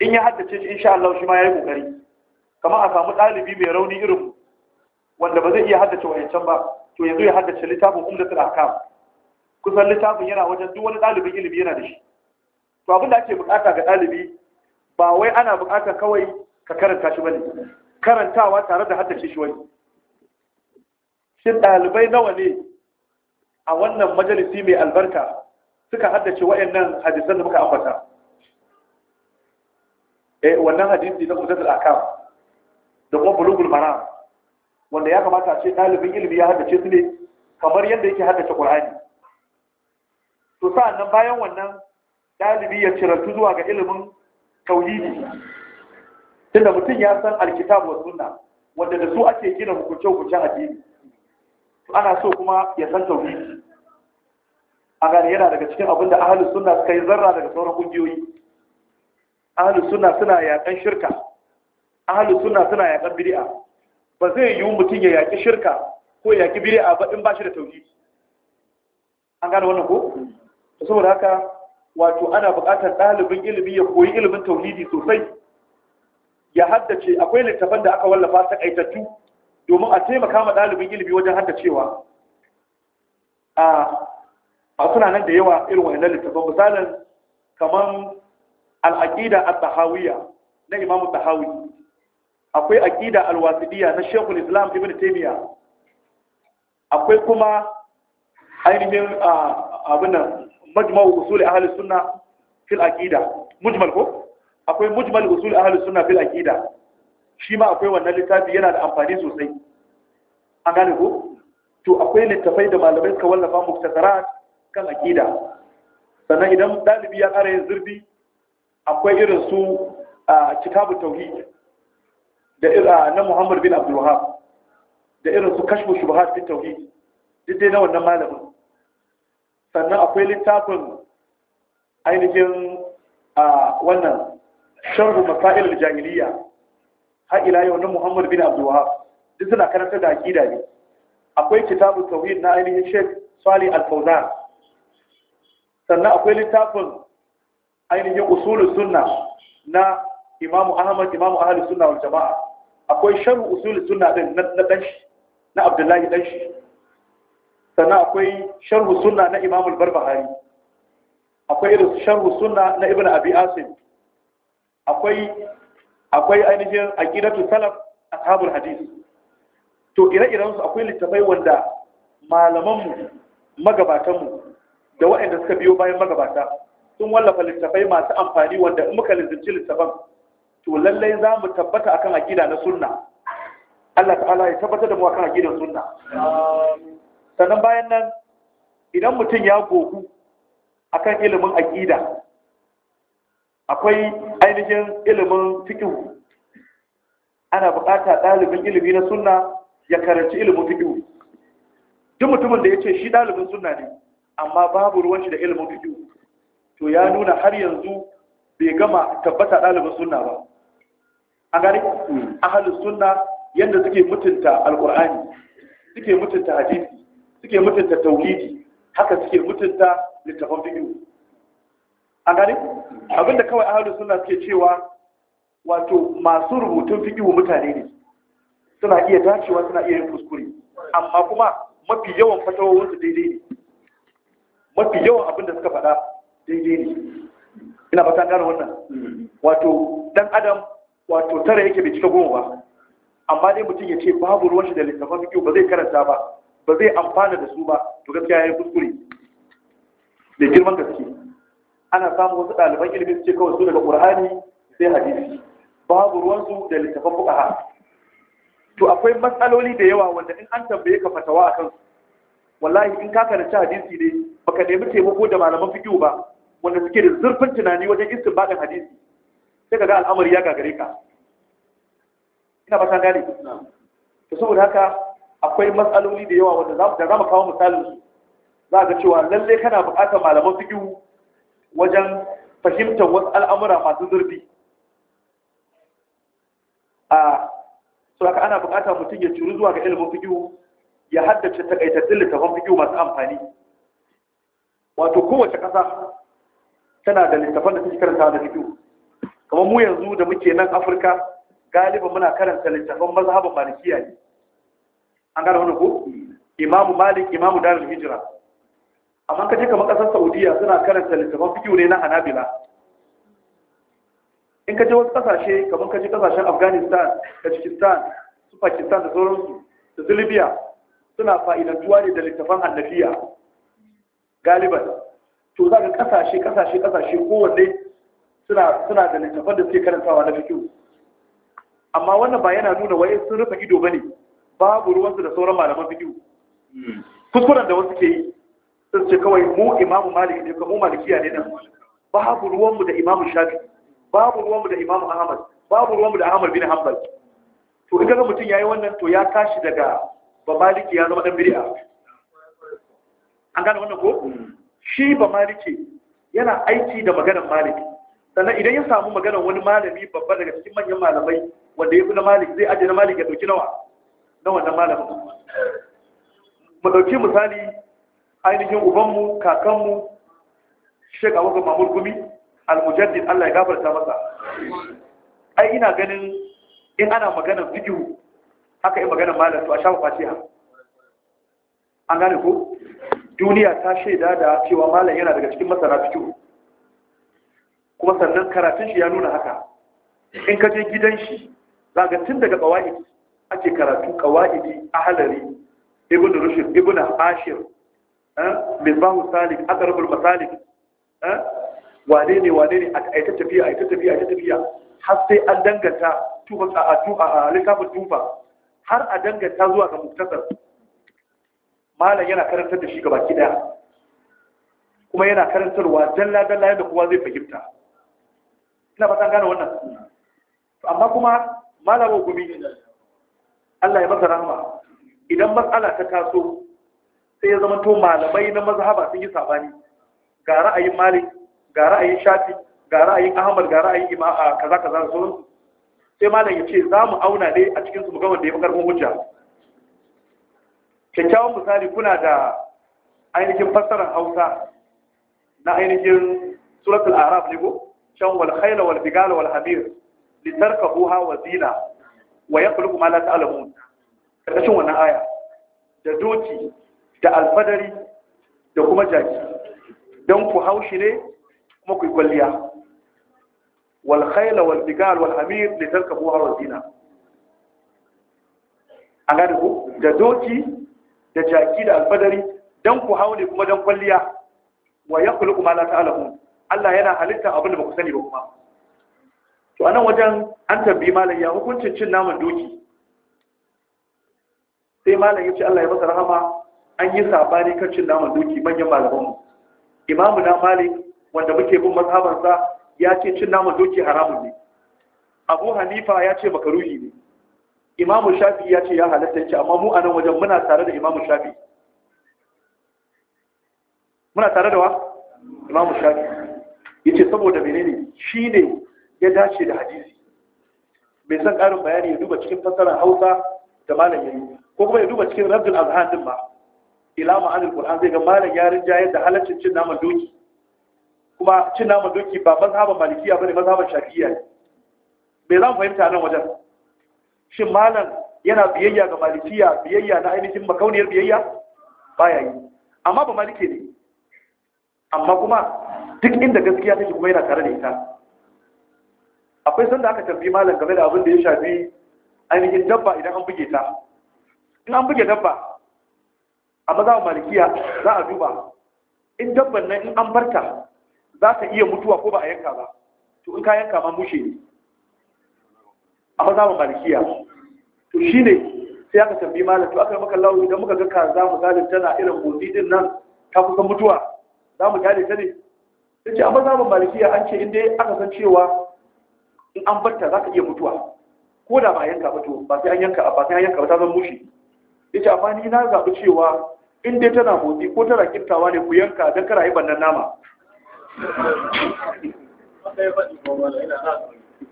in ya haddace shi insha Allah shi ma yayi kokari kamar a samu dalibi mai rauni irin wanda ba zai iya haddace wayancan ba to yanzu ya haddace littafin umdatul akam kusan littafin yana wajen duk wani ɗalibin ilimi yana da shi to abin da ake bukata ga ɗalibi ba wai ana bukata kawai ka karanta shi bane karantawa tare da haddace shi wani shi ɗalibai nawa ne a wannan majalisi mai albarka suka haddace wayannan hadisan da muka ambata eh wannan hadisi na da akam da kuma bulugul mara wanda ya kamata a ce ɗalibin ilimi ya haddace su ne kamar yadda yake haddace qur'ani to sa'annan bayan wannan dalibi ya cirantu zuwa ga ilimin tauhidi tunda mutum ya san alkitab wa sunna wanda da su ake gina hukunce hukuncen addini to ana so kuma ya san tauhidi a gane yana daga cikin abin da ahlus sunna suka yi zarra daga sauran kungiyoyi Ahlus sunna suna yaƙan shirka Ahlus sunna suna yaƙan bid'a ba zai yiwu mutum ya yaƙi shirka ko ya yaƙi bid'a ba in ba shi da tauhidi an gane wannan ko saboda haka wato ana buƙatar ɗalibin ilimi ya koyi ilimin tauhidi sosai ya haddace akwai littafan da aka wallafa ta takaitattu domin a taimaka ma ɗalibin ilimi wajen haddacewa a suna nan da yawa irin wannan littafan misalin kamar al'aƙida a tahawiyya na imamu tahawi akwai aƙida al-wasidiyya na shekul islam ibn taimiyya akwai kuma ainihin abin nan majma'u usul ahli sunna fil aqida mujmal ko akwai mujmal usul ahli sunna fil aqida shi ma akwai wannan littafi yana da amfani sosai an gane ko to akwai littafai da malamai suka wallafa muktasarat kan aqida sannan idan dalibi ya ƙara yin zurbi akwai irin su a kitabu tauhid da irin na Muhammad bin Abdul Wahhab da irin su kashfu shubuhat fi tauhid duk dai na wannan malamin sannan akwai littafin ainihin a wannan sharhu masail jahiliya har ila yau na Muhammad bin Abdul Wahab duk suna karanta da aqida ne akwai kitabu tauhid na ainihin Sheikh Salih Al-Fawzan sannan akwai littafin ainihin Usulun sunna na Imam Ahmad Imam Ahlus Sunna wal Jama'a akwai sharh usulul sunna din na dan na Abdullahi dan shi sannan akwai sharhu sunna na imam al-barbahari akwai irin sharhu sunna na ibn abi asim akwai akwai ainihin aqidatu salaf ashabul hadith to ire-iren su akwai littafai wanda malaman mu magabatan mu da waɗanda suka biyo bayan magabata sun wallafa littafai masu amfani wanda in muka lizinci littafan to lallai za mu tabbata akan aqida na sunna Allah ta'ala ya tabbatar da mu akan aqidan sunna sannan bayan nan idan mutum ya gogu akan ilimin aƙida akwai ainihin ilimin fikihu ana buƙata ɗalibin ilimi na sunna ya karanci ilimin fikihu duk mutumin da ya ce shi ɗalibin sunna ne amma babu ruwan shi da ilimin fikihu to ya nuna har yanzu bai gama tabbata ɗalibin sunna ba a gani hmm. ahalin sunna yadda suke mutunta alƙur'ani suke mutunta hadisi suke mutunta tauhidi haka suke mutunta littafan bidiyo a gani abinda kawai ahalus suna suke cewa wato masu rubutun fikihu mutane ne suna iya dacewa suna iya yin kuskure amma kuma mafi yawan su daidai ne mafi yawan abinda suka faɗa daidai ne ina ba ta gane wannan wato dan adam wato tara yake bai cika goma ba amma dai mutum ya ce babu ruwan shi da littafan fikihu ba zai karanta ba ba zai amfana da su ba to gaskiya yayi kuskure da girman gaske ana samun wasu ɗaliban ilimi su ce kawai su daga ƙur'ani sai hadisi babu ruwansu da littafan fuqaha to akwai matsaloli da yawa wanda in an tambaye ka fatawa a kansu wallahi in ka karanci hadisi ne baka nemi taimako da malaman fiƙi ba wanda suke da zurfin tunani wajen istinbadin hadisi sai kaga al'amari ya gagare ka ina ba ta gane to saboda haka akwai matsaloli da yawa wanda da za mu kawo misalin su za ga cewa lalle kana buƙatar malaman fiqh wajen fahimtar wasu al'amura masu zurfi a saboda ana buƙatar mutum ya ciru zuwa ga ilimin fiqh ya haddace takaitattun littafan fiqh masu amfani wato kowace ƙasa tana da littafan da suke karanta da fiqh kamar mu yanzu da muke nan Afirka galiba muna karanta littafan mazhabin malikiya ne an gara wani ko imamu malik imamu darul hijira amma ka je kamar kasar saudiya suna karanta littafan fikiyu ne na hanabila in ka je wasu kasashe kamar ka je kasashen afghanistan tajikistan su pakistan da sauransu da su libya suna fa'idantuwa ne da littafan annabiya galiban to za ka kasashe kasashe kasashe kowanne suna da littafan da suke karantawa na fikiyu amma wannan ba yana nuna wai sun rufe ido ba ne babu ruwansu da sauran malaman bidiyo kuskuren da wasu ke yi sun ce kawai mu imamu maliki ne kuma malikiya ne nan babu ruwanmu da imamu shafi babu ruwanmu da imamu ahmad babu ruwanmu da ahmad bin hanbal to in ga mutum yayi wannan to ya tashi daga ba maliki ya zama dan bid'a an gane wannan ko hmm. shi ba maliki yana aiki da maganar maliki sannan idan ya samu maganar wani malami babba daga cikin manyan malamai wanda ya fi na maliki zai ajiye na maliki ya dauki nawa na wannan malamin mu ɗauki misali ainihin ubanmu kakanmu shek abubuwan mamur gumi allah ya gafarta masa ai ina ganin in ana maganar fikihu haka yi maganar Malam to a sha mafashe fatiha an gane ko duniya ta shaida da cewa Malam yana daga cikin masana fikihu kuma sannan karatun shi ya nuna haka in ka je gidan shi zaga daga bawai ake karatu kawaidi ahlari ibn rushd ibn ashir eh, misbahu salik aqrabul masalik eh, wane ne wane ne a ita tafiya a ita tafiya a ita tafiya har sai an danganta tufa a tufa a littafin tufa har a danganta zuwa ga muktasar malam yana karantar da shi gaba baki daya kuma yana karantarwa dalla dalla yadda kowa zai fahimta ina ba gane wannan amma kuma malamin gumi Allah ya masa rahama idan matsala ta taso sai ya zama to malamai na mazhaba sun yi sabani ga ra'ayin malik ga ra'ayin shafi ga ra'ayin ahmad ga ra'ayin ima'a kaza kaza da sauransu sai malam ya ce za mu auna ne a cikin su mu ga wanda ya fi karfin hujja kyakkyawan misali kuna da ainihin fassarar hausa na ainihin suratul arab ne ko shan wal khayla wal bigala wal litarkabuha wa wa yakhluqu kuma la ta'lamun karkashin wannan aya da doki da alfadari da kuma jaki dan ku haushi ne kuma ku kwalliya wal khayla wal bigal wal hamir li tarkabuha wa zina A gani ku da doki da jaki da alfadari dan ku haule kuma dan kwalliya wa yakhluqu kuma la ta'lamun Allah yana halitta abin da ba ku sani ba kuma to anan wajen an tabbi malam ya hukuncin cin naman doki sai malam ya ce Allah ya masa rahama an yi sabani kan cin naman doki manyan malamanmu imamu na malik wanda muke bin mazhabansa ya ce cin naman doki haramun ne abu hanifa ya ce makaruhi ne imamu shafi ya ce ya halatta ya ce amma mu anan wajen muna tare da imamu shafi muna tare da wa imamu shafi ya ce saboda menene shi ne ya dace da hadisi Mai san ƙarin bayani ya duba cikin fassara, hausa da malam yayi ko kuma ya duba cikin rabdul azhan din ba ila ma'anil qur'an zai ga malam ya rinja yadda halaccin cin naman doki kuma cin naman doki ba mazhaban malikiya bane mazhaban shafi'iyya ne bai za fahimta nan wajen shin malam yana biyayya ga malikiya biyayya na ainihin makauniyar biyayya baya yi amma ba malike ne amma kuma duk inda gaskiya take kuma yana tare da ita akwai sanda aka tambi malam game da abin da ya shafi ainihin dabba idan an buge ta in an buge dabba a maza malikiya za a duba in dabban nan in an barta za ta iya mutuwa ko ba a yanka ba to in ka yanka ma mushe ne a maza malikiya to shi ne sai aka tambi malam to aka yi maka lawo idan muka ga kaza misalin tana irin motsi din nan ta kusan mutuwa za mu kyale ta ne sai ce a maza malikiya an ce in dai aka san cewa in an batta za ka iya mutuwa ko da ba yanka ba to ba sai an yanka ba sai an yanka ba ta zan mushi yace amma ni na zabi cewa in dai tana motsi ko tana kiftawa ne ku yanka dan kar ayi bannan nama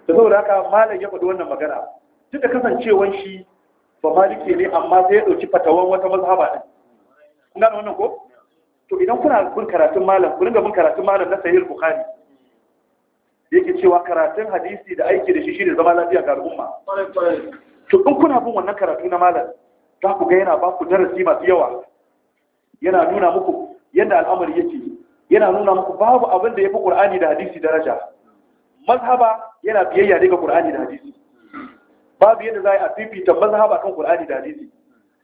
da saboda haka malam ya faɗi wannan magana duk da kasancewan shi ba malike ne amma sai ya ɗauki fatawan wata mazhaba ne kun gane wannan ko to idan kuna bin karatun malam ku ringa bin karatun malam na sahih bukhari yake cewa karatun hadisi da aiki da shi shine zama lafiya ga al'umma to in kuna bin wannan karatu na malam za ku ga yana ba ku darasi masu yawa yana nuna muku yadda al'amari yake yana nuna muku babu abin da ya fi ƙur'ani da hadisi daraja mazhaba yana biyayya ne ga ƙur'ani da hadisi babu yadda za a yi a fifita mazhaba kan ƙur'ani da hadisi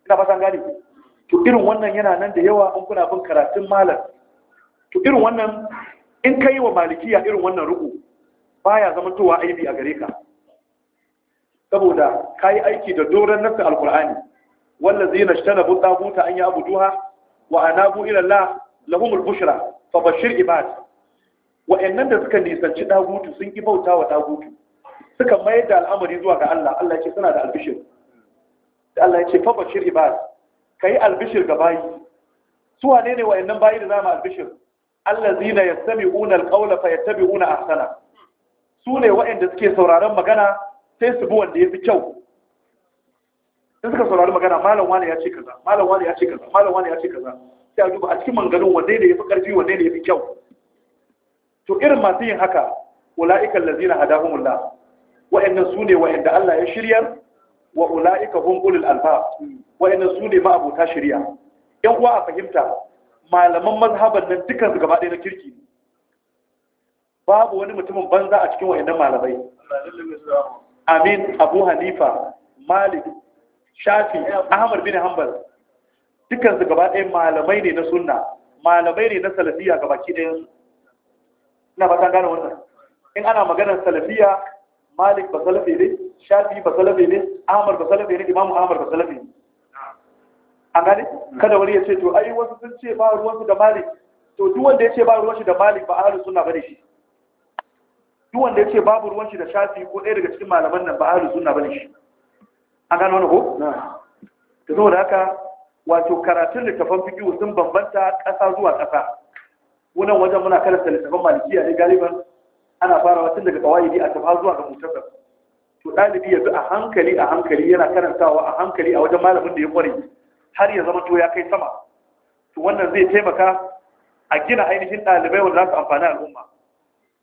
ina fatan gane to irin wannan yana nan da yawa in kuna bin karatun malam to irin wannan in ka yi wa malikiya irin wannan ruku baya zamantowa aibi a gare ka saboda ka yi aiki da doron nafsa alkur'ani wallazi na shtana bu taguta an yi abu duha wa anabu ila la lahumul bushra fa bashir ibad wa'annan da suka nisanci dagutu sun ki bauta wa dagutu suka mayar da al'amari zuwa ga Allah Allah ya ce suna da albishir da Allah ya ce fa bashir ibad kai albishir ga bayi su wane ne wa'annan bayi da zama albishir allazina yastami'una alqawla fayattabi'una ahsana su ne waɗanda suke sauraron magana sai su bi wanda ya fi kyau in suka saurari magana malam wani ya ce kaza malam wani ya ce kaza malam wani ya ce kaza sai a duba a cikin manganun wanne ne ya fi ƙarfi wanne ne ya fi kyau to irin masu yin haka Lazina allazina hadahumullah wa'annan su ne waɗanda Allah ya shirya, wa ula'ika hun ulul alfa waɗannan su ne ma'abota shiriya yan uwa a fahimta malaman mazhaban nan dukkan su gaba ɗaya na kirki ne babu wani mutumin banza a cikin wayannan malamai amin abu hanifa malik shafi ahmad bin hanbal dukansu gaba ɗaya malamai ne na sunna malamai ne na salafiya gaba ki ɗayan ina ba ta gane wannan in ana maganar salafiya malik ba salafi ne shafi ba salafi ne ahmad ba salafi ne imamu ahmad ba salafi ne a gane kada wani ya ce to ai wasu sun ce ba ruwansu da malik to duk wanda ya ce ba ruwansu da malik ba ahlus sunna bane shi duk wanda yake babu ruwan shi da shafi ko ɗaya daga cikin malaman nan ba a ahlus na bane shi an gano wannan ko to saboda haka wato karatun littafan fiki sun bambanta ƙasa zuwa ƙasa wannan wajen muna karanta littafan malikiya ne galiban ana fara tun daga ne a tafa zuwa ga mutasar to dalibi ya bi a hankali a hankali yana karantawa a hankali a wajen malamin da ya kware har ya zama to ya kai sama to wannan zai taimaka a gina ainihin ɗalibai wanda za su amfani al'umma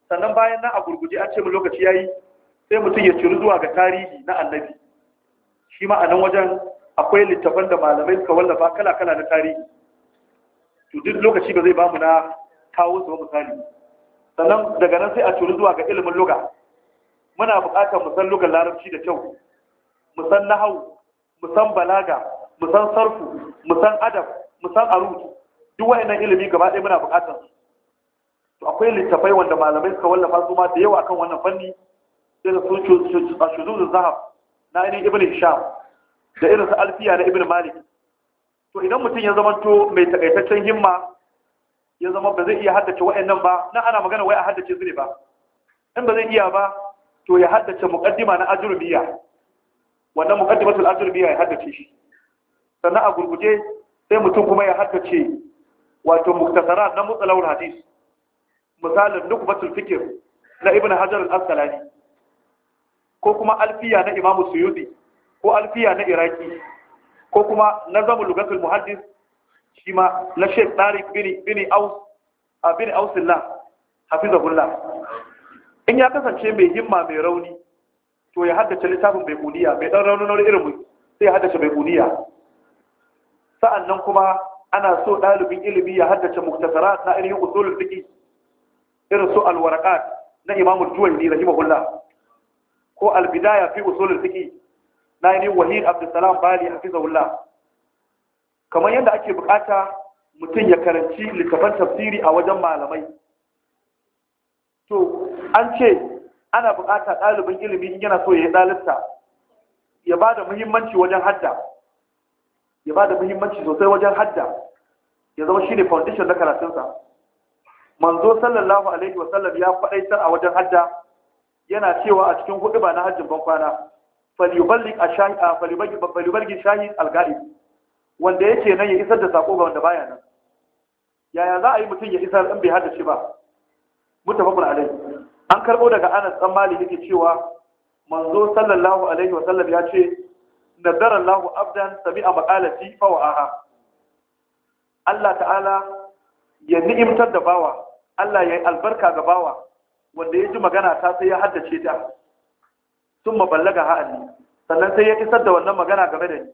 sannan bayan na a gurguje an ce mu lokaci yayi sai mutum ya ciru zuwa ga tarihi na annabi shi ma a nan wajen akwai littafan da malamai suka wallafa kala-kala na tarihi to duk lokaci ba zai ba mu na kawo su misali sannan daga nan sai a ciru zuwa ga ilimin luga muna buƙatar mu san lugar larabci da kyau mu san nahau mu san balaga mu san sarfu mu san adab mu san arut duk wayannan ilimi gaba ɗaya muna buƙatar su to akwai littafai wanda malamai suka wallafa su ma da yawa akan wannan fanni sai irin su da zahab na ainihin ibn hisham da irin su alfiya na ibn malik to idan mutum ya zama to mai takaitaccen himma ya zama ba zai iya haddace wa'annan ba na ana magana wai a haddace su ne ba in ba zai iya ba to ya haddace muqaddima na ajurbiya wannan muqaddimatul ajurbiya ya haddace shi sannan a gurguje sai mutum kuma ya haddace wato muktasarat na mutsalawul hadis misalin nukbatul fikir na ibn hajar al-asqalani ko kuma alfiya na imamu suyuti ko alfiya na iraki ko kuma nazamu lugatul muhaddis shi ma na sheikh tariq bin bin aus a bin ausillah hafizahullah in ya kasance mai himma mai rauni to ya haddace littafin bai kuniya mai dan raunin irin mu sai ya haddace bai kuniya sa'annan kuma ana so dalibin ilimi ya haddace muktasara na ainihin usulul fiqh irin su alwarakat na imamu rahimu hula ko albidaya fi usulun suke na yi wahid abdussalam bali hafizahullah kamar yadda ake bukata mutum ya karanci littafan tafsiri a wajen malamai to an ce ana bukata ɗalibin ilimi yana so ya yi ɗalibta ya ba da muhimmanci wajen hadda ya ba da muhimmanci sosai wajen hadda ya zama shi ne foundation na karatunsa manzo sallallahu alaihi wasallam ya faɗaitar a wajen hajja yana cewa a cikin hudu ba na hajjin ban kwana falibalgi shahid alga'ib wanda yake nan ya isar da sako ga wanda baya nan yaya za a yi mutum ya isar in bai hada shi ba mutafakun alaihi an karbo daga anas dan malik yake cewa manzo sallallahu alaihi wasallam ya ce nadara Allah abdan sami'a maqalati fa wa'aha Allah ta'ala ya ni'imtar da bawa Allah ya yi albarka ga bawa wanda ya ji magana ta sai ya haddace ta sun maballaga ha'ani sannan sai ya kisar da wannan magana game da ni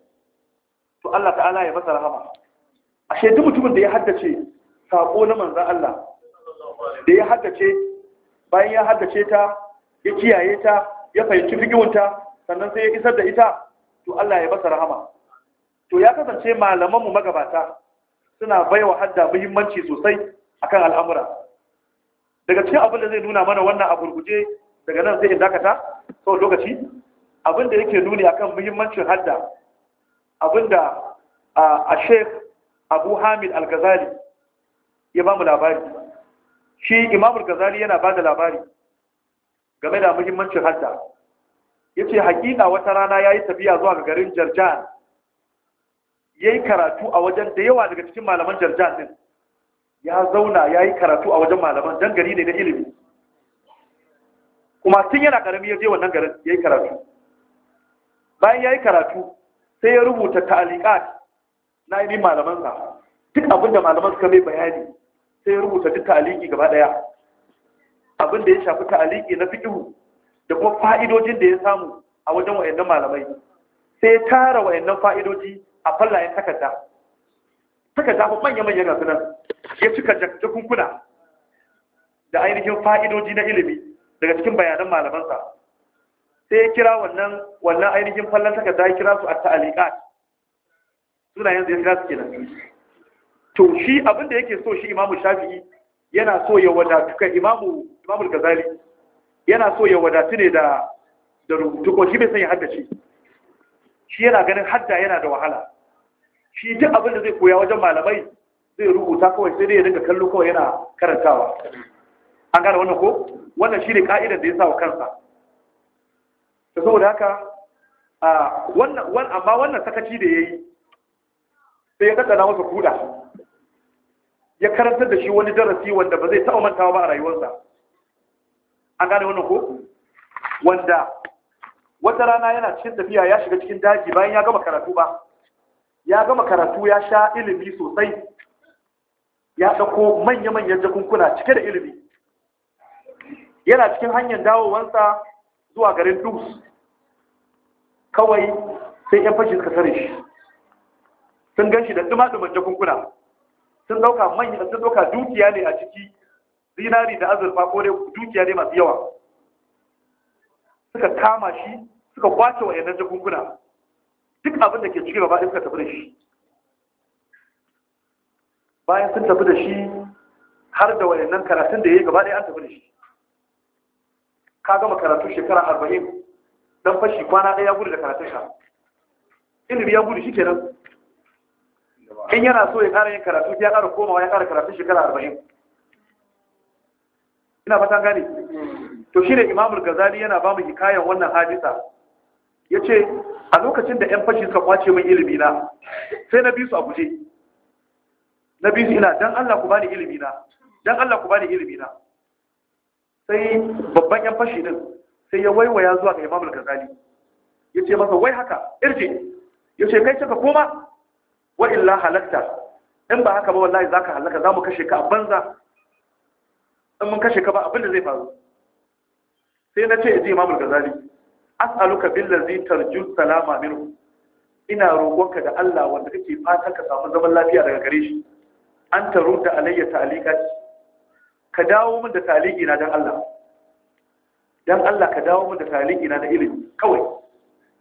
to Allah ta'ala ya masa rahama A duk mutumin da ya haddace saƙo na manza Allah da ya haddace bayan ya haddace ta ya kiyaye ta ya fahimci fikiwunta sannan sai ya kisar da ita to Allah ya masa rahama to ya kasance malamanmu magabata suna baiwa hadda muhimmanci sosai akan al'amura daga cikin abin da zai nuna mana wannan a gurguje daga nan sai in dakata sau lokaci abin da yake nuni akan muhimmancin hadda abin da a sheikh abu hamid al-ghazali ya ba mu labari shi imam al-ghazali yana ba da labari game da muhimmancin hadda ya ce hakika wata rana ya yi tafiya zuwa garin jarjan ya yi karatu a wajen da yawa daga cikin malaman jarjan din ya zauna ya yi karatu a wajen malaman don gari ne na ilimi kuma tun yana karami ya je wannan garin ya yi karatu bayan ya yi karatu sai ya rubuta ta'alikat na yi malamansa duk abinda malaman suka mai bayani sai ya rubuta duk ta'aliki gaba abin abinda ya shafi ta'aliki na fiƙihu da kuma fa'idojin da ya samu a wajen wa'annan malamai sai ya tara wa'annan fa'idoji a fallayen takarda suka zafi manya manyan ga ya cika jakunkuna da ainihin fa'idoji na ilimi daga cikin bayanan malamansa sai ya kira wannan ainihin fallon za a kira su a Suna yanzu ya kira su kenan to shi abinda yake so shi imamu shafi'i yana so ya wadatu kan imamu imamu gazali yana so ya wadatu ne da da rubutu ko shi bai sanya haddace shi yana ganin hadda yana da wahala shi duk abin da zai koya wajen malamai zai rubuta kawai sai dai ya dinga kallo kawai yana karantawa an gane wannan ko wannan shi ne ka'idar da ya sa wa kansa da saboda haka amma wannan sakaci da ya yi sai ya kaddana masa kuda ya karantar da shi wani darasi wanda ba zai taɓa mantawa ba a rayuwarsa an gane wannan ko wanda wata rana yana cikin tafiya ya shiga cikin daji bayan ya gama karatu ba ya gama karatu ya sha ilimi sosai ya ɗauko manya-manyan jakunkuna cike da ilimi yana cikin hanyar dawowansa zuwa garin dus kawai sai 'yan fashi suka tare shi sun gan shi da ɗuma jakunkuna sun ɗauka manya sun ɗauka dukiya ne a ciki zinari da azurfa ko dukiya ne masu yawa suka kama shi suka kwace wa yanar jakunkuna duk abin da ke ciki gaba ɗaya suka tafi da shi bayan sun tafi da shi har da nan karatun da ya yi gaba ɗaya an tafi da shi ka gama karatu shekara arba'in don fashi kwana ɗaya gudu da karatun sha ilimi ya gudu shi kenan in yana so ya ƙara yin karatu ya ƙara komawa ya ƙara karatun shekara arba'in ina fatan gane to shi ne imamul gazali yana ba mu hikayen wannan hadisa ya ce a lokacin da 'yan fashi suka kwace min ilimi na sai na bi su a guje na bi su ina don Allah ku bani ilimi na don Allah ku bani ilimi na sai babban 'yan fashi din sai ya waiwaya zuwa ga imamul gazali ya ce masa wai haka irje ya ce kai cika koma wa illa halatta in ba haka ba wallahi za ka halaka za mu kashe ka a banza in mun kashe ka ba abin da zai faru sai na ce ya ji imamul gazali as'aluka billazi tarju salama minhu ina roƙonka da Allah wanda kake fatan ka samu zaman lafiya daga gare shi an tarudda alayya ta'liqati ka dawo min da ta'liqi na dan Allah dan Allah ka dawo min da ta'liqi na da ilimi kawai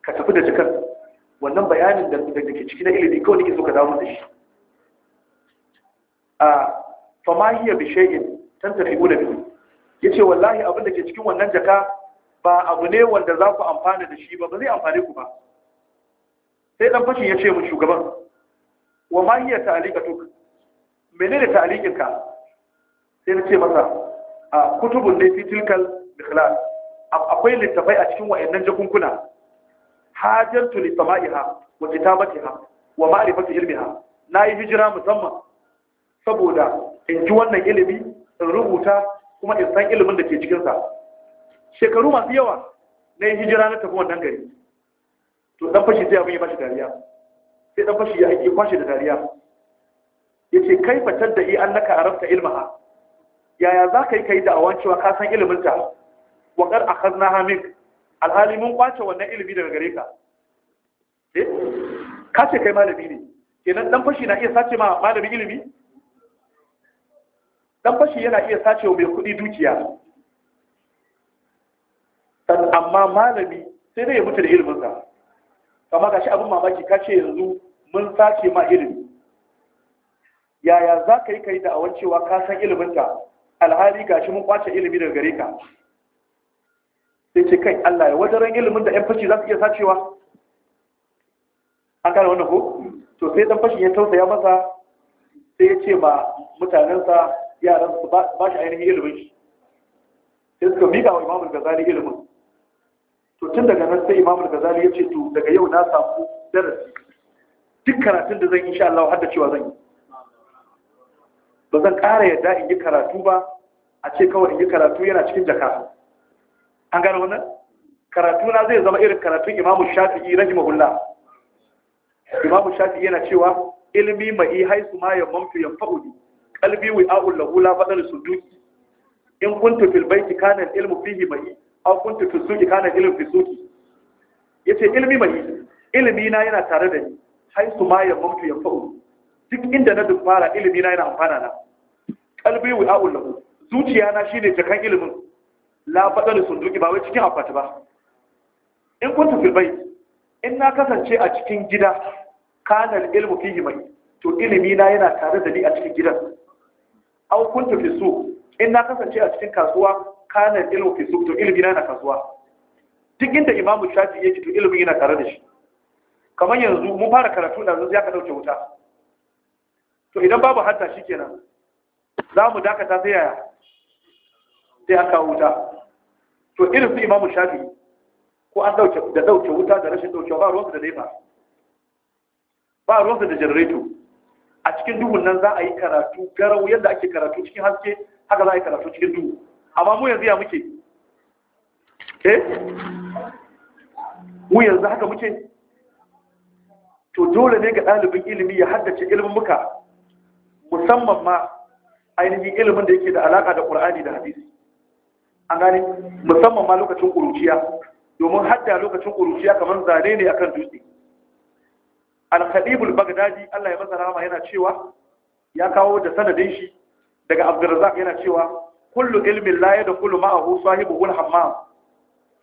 ka tafi da cikin wannan bayanin da ke ciki na ilimi kawai nake so ka dawo da shi a fama hiya bi shay'in tantafi da bi yace wallahi abin da ke cikin wannan jaka ba abu ne wanda za ku amfana da shi ba ba zai amfane ku ba sai dan fashin ya ce mu shugaban wa ma hiya ta'liqatuk menene ta'liqinka sai na ce masa a kutubun ne fi tilkal ikhlas akwai littafai a cikin wayannan jakunkuna hajjatu li sama'iha wa kitabatiha wa ma'rifati ilmiha nayi hijira musamman saboda in ji wannan ilimi in rubuta kuma in san ilimin da ke cikin sa shekaru masu yawa na yi hijira na tafi wannan gari to dan fashi sai abin ya bashi dariya sai dan fashi ya aiki kwashe da dariya ya ce kai fatar da iya annaka arabta ilmaha yaya za ka yi ka yi da'awa cewa ka san iliminta wa kar a kazna hamik alhali mun kwace wannan ilimi daga gare ka eh? ka ce kai malami ne kenan dan fashi na iya sace ma malami ilimi dan fashi yana iya sace wa mai kuɗi dukiya amma malami sai dai ya mutu da ilminsa amma ga shi abin mamaki ka ce yanzu mun sace ma ilimi yaya za ka yi yi da awon cewa ka san iliminta alhali ga shi mun kwace ilimi daga gare ka sai ce kai Allah ya wajen ilimin da ‘yan fashi za su iya sacewa an gane wannan ko to sai dan fashin ya tausaya masa sai ya ce ba mutanensa yaran su ba shi ainihin ilimin shi sai suka miƙa wa imamul gazali ilimin to tun daga nan sai imamul gazali ya ce to daga yau na samu darasi duk karatun da zan insha Allah har da cewa zan yi ba zan ƙara yadda in yi karatu ba a ce kawai in yi karatu yana cikin jaka an gano wannan karatu na zai zama irin karatun imamu shafi'i rahimahullah imamu shafi'i yana cewa ilmi mai haisu ma ya mamtu ya fa'udi kalbi wi'a'ul lahu la fadal suduki in kuntu fil baiti kana ilmu fihi mai an kuntu tusuki kana ilmi fi yace ilmi mai ilmi na yana tare da ni su ma ya mutu ya fa'u duk inda na dubara ilmi na yana amfana na kalbi wi'a'ul lahu zuciya na shine jakan ilmin la fadal sunduki ba wai cikin akwati ba in kuntu fil bayt in na kasance a cikin gida kana ilmu fihi mai to ilmi na yana tare da ni a cikin gidan aw kuntu fisu in na kasance a cikin kasuwa kana ilmu fi suk to ilmi na kasuwa duk inda imamu shafi yake to ilmi yana tare da shi kamar yanzu mun fara karatu da yanzu ya ka dauke wuta to idan babu shi shikenan za mu dakata sai yaya sai aka wuta to irin su imamu shafi ko an dauke da dauke wuta da rashin dauke ba ruwansu da nefa ba ruwansu da janareto a cikin duhun nan za a yi karatu garau yadda ake karatu cikin haske haka za a yi karatu cikin duhu amma mu yanzu ya muke eh mu yanzu haka muke to dole ne ga ɗalibin ilimi ya haddace ilimin muka musamman ma ainihin ilimin da yake da alaƙa da ƙur'ani da hadisi an gane musamman ma lokacin ƙuruciya domin hadda lokacin ƙuruciya kamar zane ne akan dutse al-khalibul bagdadi Allah ya masa rahama yana cewa ya kawo da sanadin shi daga abdurrazzaq yana cewa kullu ilmin la ya da kullu ma'ahu sahibu hamma.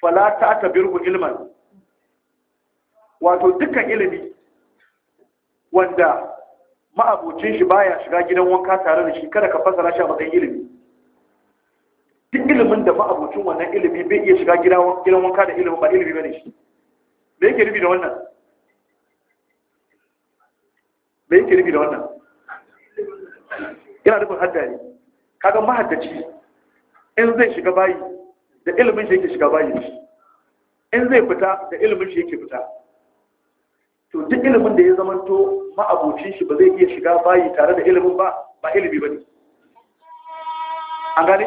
fala ta tabiru ilman wato dukkan ilimi wanda ma'abucin shi baya shiga gidan wanka tare da shi kada ka fasara shi a matsayin ilimi duk ilimin da ma'abucin wannan ilimi bai iya shiga gidan wanka da ilimin ba ilimi bane shi me yake rubi da wannan me yake rubi da wannan yana nufin hadda ne kaga mahaddaci in zai shiga bayi da ilimin shi yake shiga bayi shi in zai fita da ilimin shi yake fita to duk ilimin da ya zamanto ma'abocin shi ba zai iya shiga bayi tare da ilimin ba ba ilimi ba ne an gane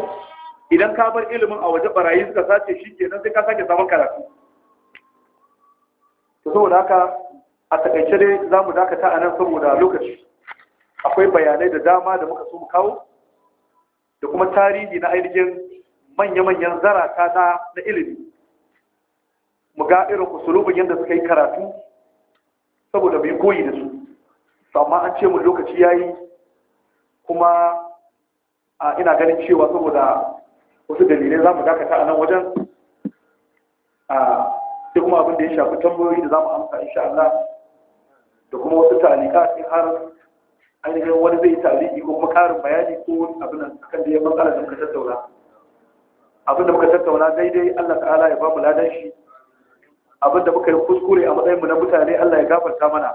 idan ka bar ilimin a waje barayi suka sace shi kenan sai ka sake samun karatu to saboda haka a takaice dai za mu dakata a nan saboda lokaci akwai bayanai da dama da muka so mu kawo da kuma tarihi na ainihin manya-manyan zarata na na ilimi mu ga irin usulubin yadda suka yi karatu saboda mai koyi da su amma an ce mu lokaci ya yi. kuma a ina ganin cewa saboda wasu dalilai za mu dakata a nan wajen a sai kuma abin da ya shafi tambayoyi da za mu amsa insha Allah da kuma wasu talika sai har ainihin wani zai tarihi ko kuma karin bayani ko abin nan da ya matsala da muka tattauna abin da muka tattauna daidai Allah ta'ala ya bamu ladan shi abin da muka yi kuskure a matsayin mu na mutane Allah ya gafarta mana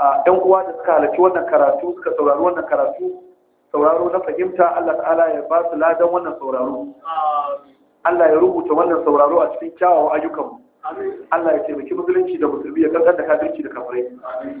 a ɗan uwa da suka halarci wannan karatu suka saurari wannan karatu sauraro na fahimta Allah ta'ala ya ba su ladan wannan sauraro Allah ya rubuta wannan sauraro a cikin kyawawan ayyukanmu Allah ya taimaki musulunci da musulmi ya kankan da kafirci da kafirai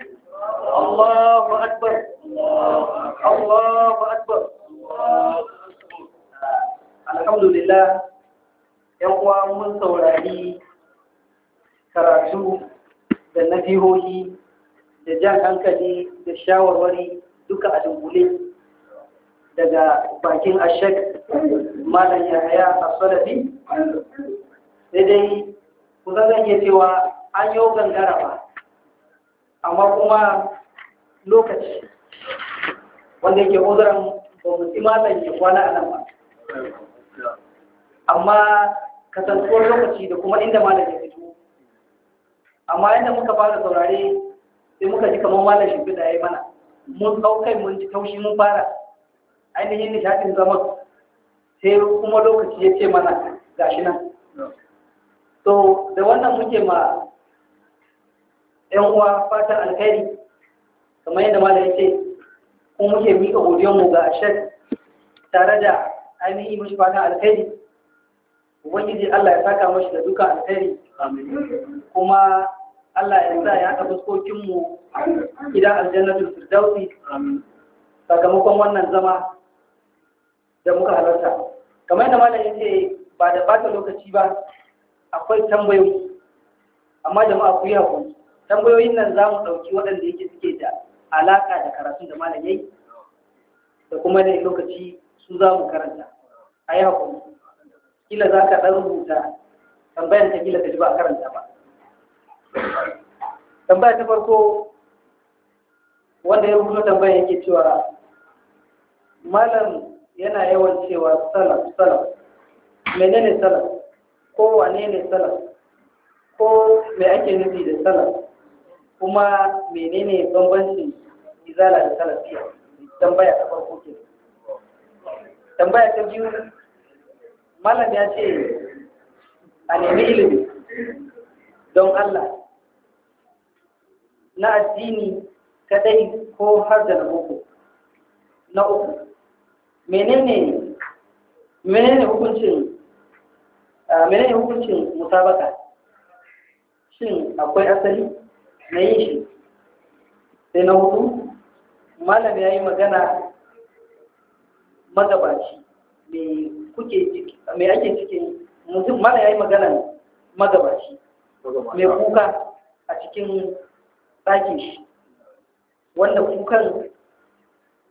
الله أكبر الله أكبر الحمد لله يقوى من سوراري karatu da nasihohi da jan hankali da shawarwari duka a dunkule daga bakin Ashak malam yahaya a salafi sai dai kusan zan iya cewa an yi gangara ba amma kuma lokaci wanda yake uzuran ba mu imanin ya kwana a nan ba amma kasantuwar lokaci da kuma inda malam ya fito amma yadda muka fara saurare sai muka ji kamar malam da ya yi mana mun saukai mun ji taushi mun fara ainihin nishaɗin zaman sai kuma lokaci ya ce mana gashi nan so da wannan muke ma yan uwa fatan alkhairi kamar yadda malam ce, ko muke mika godiyar mu ga ashad tare da ainihin mashi fatan alkhairi ubangiji Allah ya saka mashi da duka alkhairi kuma Allah ya sa ya haka fuskokin mu gidan aljannatul firdausi sakamakon wannan zama da muka halarta kamar yadda malam ce, ba da bata lokaci ba akwai tambayoyi amma jama'a ku yi hakuri tambayoyin nan za mu ɗauki waɗanda yake suke da alaƙa da karatun da malam yayi da kuma da lokaci su za mu karanta a yi haƙuri kila za ka ɗan rubuta tambayar ta kila ka ji ba a karanta ba tambaya ta farko wanda ya rubuta tambayar yake cewa malam yana yawan cewa salaf salaf menene salaf ko wane ne salaf ko me ake nufi da salaf kuma menene bambancin izala da salafiya tambaya ta farko ke tambaya ta biyu malam ya ce a nemi ilimi don Allah na addini kadai ko har da na na uku menene menene hukuncin menene hukuncin musabaka shin akwai asali na yi shi sai na hudu malam ya yi magana magabaci mai kuke ciki mai ake ciki mutum mana ya yi magana magabaci mai kuka a cikin ɗakin shi wanda kukan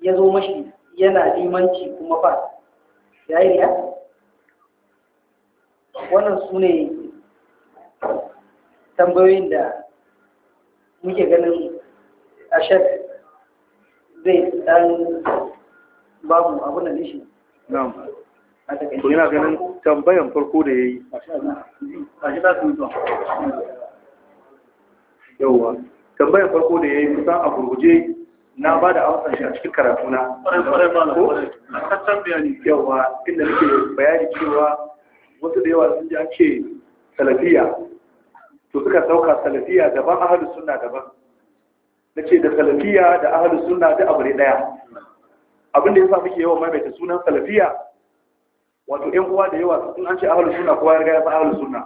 ya zo mashi yana limanci kuma ba ya yi ya wannan su ne tambayoyin da muke ganin ashek zai dan babu abin da nishi na'am to ina ganin tambayan farko da yayi yawa tambayan farko da yayi kusan a gurguje na ba da amsar shi a cikin karatu na yawa inda nake bayani cewa wasu da yawa sun ji an ce salafiya to suka sauka salafiya daban ahalus sunna daban nace da salafiya da ahalus sunna da abu ne daya abin da yasa muke yawan maimaita sunan salafiya wato 'yan uwa da yawa sun an ce ahalus sunna kowa ya ga ya ahalus sunna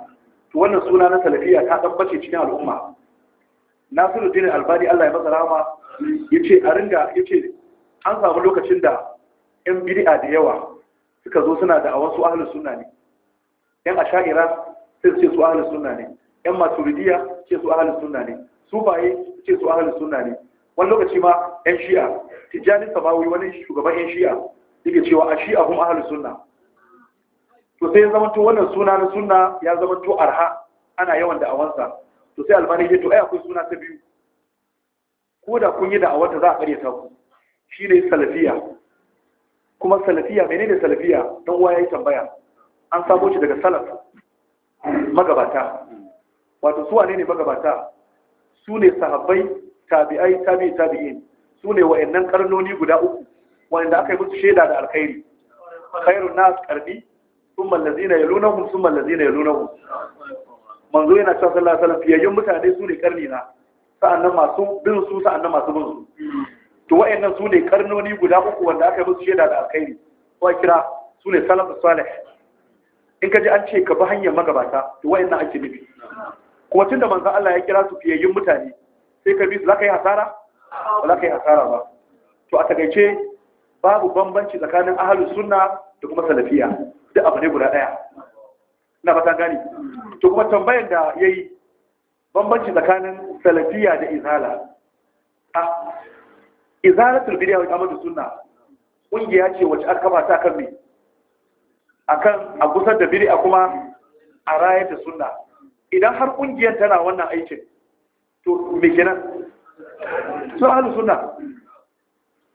to wannan suna na salafiya ta tabbace cikin al'umma Nasiruddin Albani Allah ya masa rahama yace a ringa yace an samu lokacin da 'yan bid'a da yawa suka zo suna da a wasu ahlus sunna ne ƴan asha'ira sai su ce su ahlus sunna ne yan maturidiya ce su ahalin suna ne sufaye ce su ahalin suna ne wani lokaci ma yan shi'a tijjani samawi wani shugaban yan shi'a yake cewa a shi'a kuma ahalin suna. to sai ya to wannan suna na suna ya zamanto arha ana yawan da'awansa to sai albani ya to ai akwai suna ta biyu ko da kun yi da'awar da za a karyata ku shine salafiya kuma salafiya menene salafiya dan uwa yayi tambaya an sabo shi daga salaf magabata wato su wane ne magabata su ne sahabbai tabi'ai tabi'i tabi'in su ne wa'annan karnoni guda uku wanda aka yi musu shaida da alkhairi khairun nas karbi thumma allazina yalunahum thumma allazina yalunahum manzo yana cewa sallallahu alaihi wasallam yayin mutane su ne karni na sa'annan masu bin su sa'annan masu bin su to wa'annan su ne karnoni guda uku wanda aka yi musu shaida da alkhairi ko kira su ne salafus salih in ka ji an ce ka bi hanyar magabata to wa'annan ake nufi kuma tunda manzo Allah ya kira su fiyayyun mutane sai ka bi su zaka yi hasara ba zaka yi hasara ba to a takaice babu bambanci tsakanin ahlus sunna da kuma salafiya duk abu ne guda daya ina ba ta gani to kuma tambayar da yayi bambanci tsakanin salafiya da izala a izalatul bid'a wa kamatu sunna kungiya ce wacce aka kafa ta kan me akan a gusar da bid'a kuma a rayar da sunna idan har ƙungiyar tana wannan aikin to me kenan su ahalu suna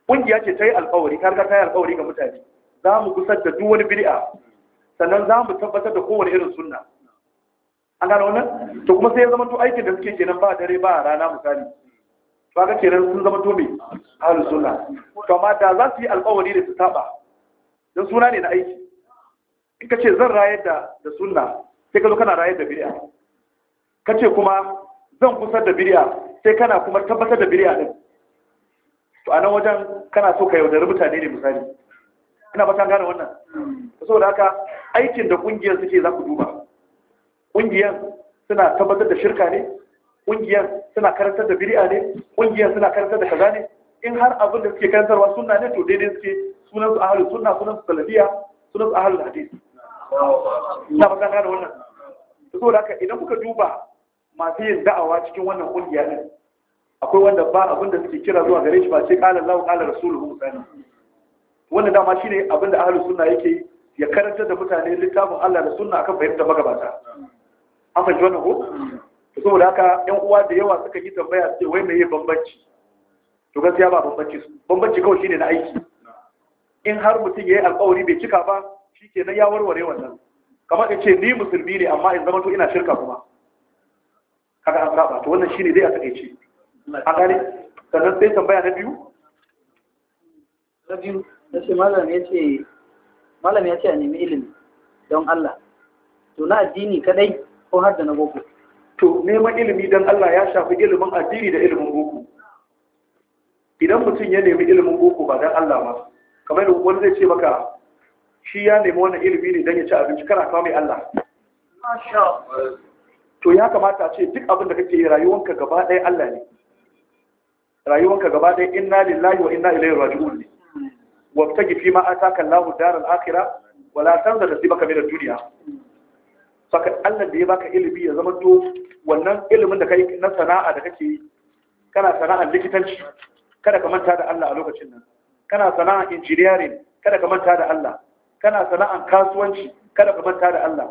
ƙungiya ce ta yi alƙawari karkar ta yi alƙawari ga mutane za mu gusar da duk wani bid'a sannan za mu tabbatar da kowane irin sunna an gano wannan to kuma sai ya zama to aikin da suke kenan ba dare ba rana misali to ga kenan sun zama to me halin sunna to amma da za su yi alƙawari da su saba dan suna ne na aiki in ka ce zan rayar da da sunna sai ka zo kana rayar da bid'a kace kuma zan kusar da biriya sai kana kuma tabbatar da biriya din to anan wajen kana so ka yaudari mutane ne misali ina fatan gane wannan saboda haka aikin da kungiyar suke za ku duba kungiyar suna tabbatar da shirka ne kungiyar suna karantar da biriya ne kungiyar suna karantar da kaza ne in har abin da suke karantarwa suna ne to daidai suke sunan su ahlus suna sunan su salafiya sunan su ahlul hadis ina fatan gane wannan saboda haka idan kuka duba masu yin da'awa cikin wannan kungiya ne. akwai wanda ba abin da suke kira zuwa gare shi ba sai qala Allahu qala rasuluhu sallallahu wannan dama shine abin da ahlus sunna yake ya karanta da mutane littafin Allah da sunna akan fahimtar magabata an fahimci wannan ko saboda haka ƴan uwa da yawa suka yi tambaya sai wai me ye bambanci to gaskiya ba bambanci bambanci kawai shine na aiki in har mutum ya yi alƙawari bai cika ba shikenan ya warware wannan kamar ka ce ni musulmi ne amma in zama to ina shirka kuma aka an saba to wannan shine dai a takeice a gane sannan sai tambaya na biyu na biyu na ce malam ya ce malam ya ce a nemi ilimi don Allah to na addini kadai ko har da na boko to neman ilimi don Allah ya shafi ilimin addini da ilimin boko idan mutum ya nemi ilimin boko ba don Allah ba kamar da wani zai ce maka shi ya nemi wannan ilimi ne don ya ci abinci kana kawo mai Allah to ya kamata a ce duk abin da kake yi rayuwanka gaba ɗaya Allah ne rayuwanka gaba ɗaya inna lillahi wa inna ilaihi raji'un ne Wa wabtagi fi ma ataka Allahu daral akhirah wala tanza nasibaka min ad-dunya saka Allah da ya baka ilimi ya zama to wannan ilimin da kai na sana'a da kake yi kana sana'a likitanci kada ka manta da Allah a lokacin nan kana sana'a engineering kada ka manta da Allah kana sana'ar kasuwanci kada ka manta da Allah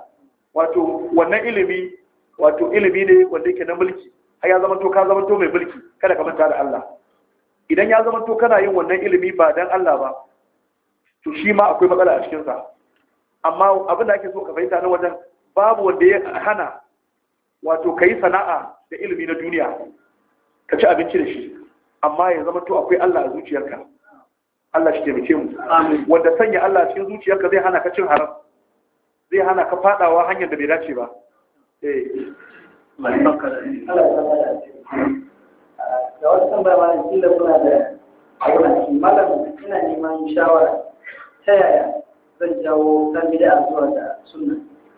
wato wannan ilimi wato ilimi ne wanda yake na mulki har ya zama to ka zama to mai mulki kada ka manta da Allah idan ya zama to kana yin wannan ilimi ba dan Allah ba to shi ma akwai matsala a cikin sa amma abin da ake so ka fahimta na wajen babu wanda ya hana wato kai sana'a da ilimi na duniya ka ci abinci da shi amma ya zama to akwai Allah a zuciyarka Allah shi taimake mu wanda sanya Allah cikin zuciyarka zai hana ka cin haram zai hana ka fadawa hanyar da bai dace ba Eh. da wasu ma shawara ta yaya zan jawo zuwa da suna,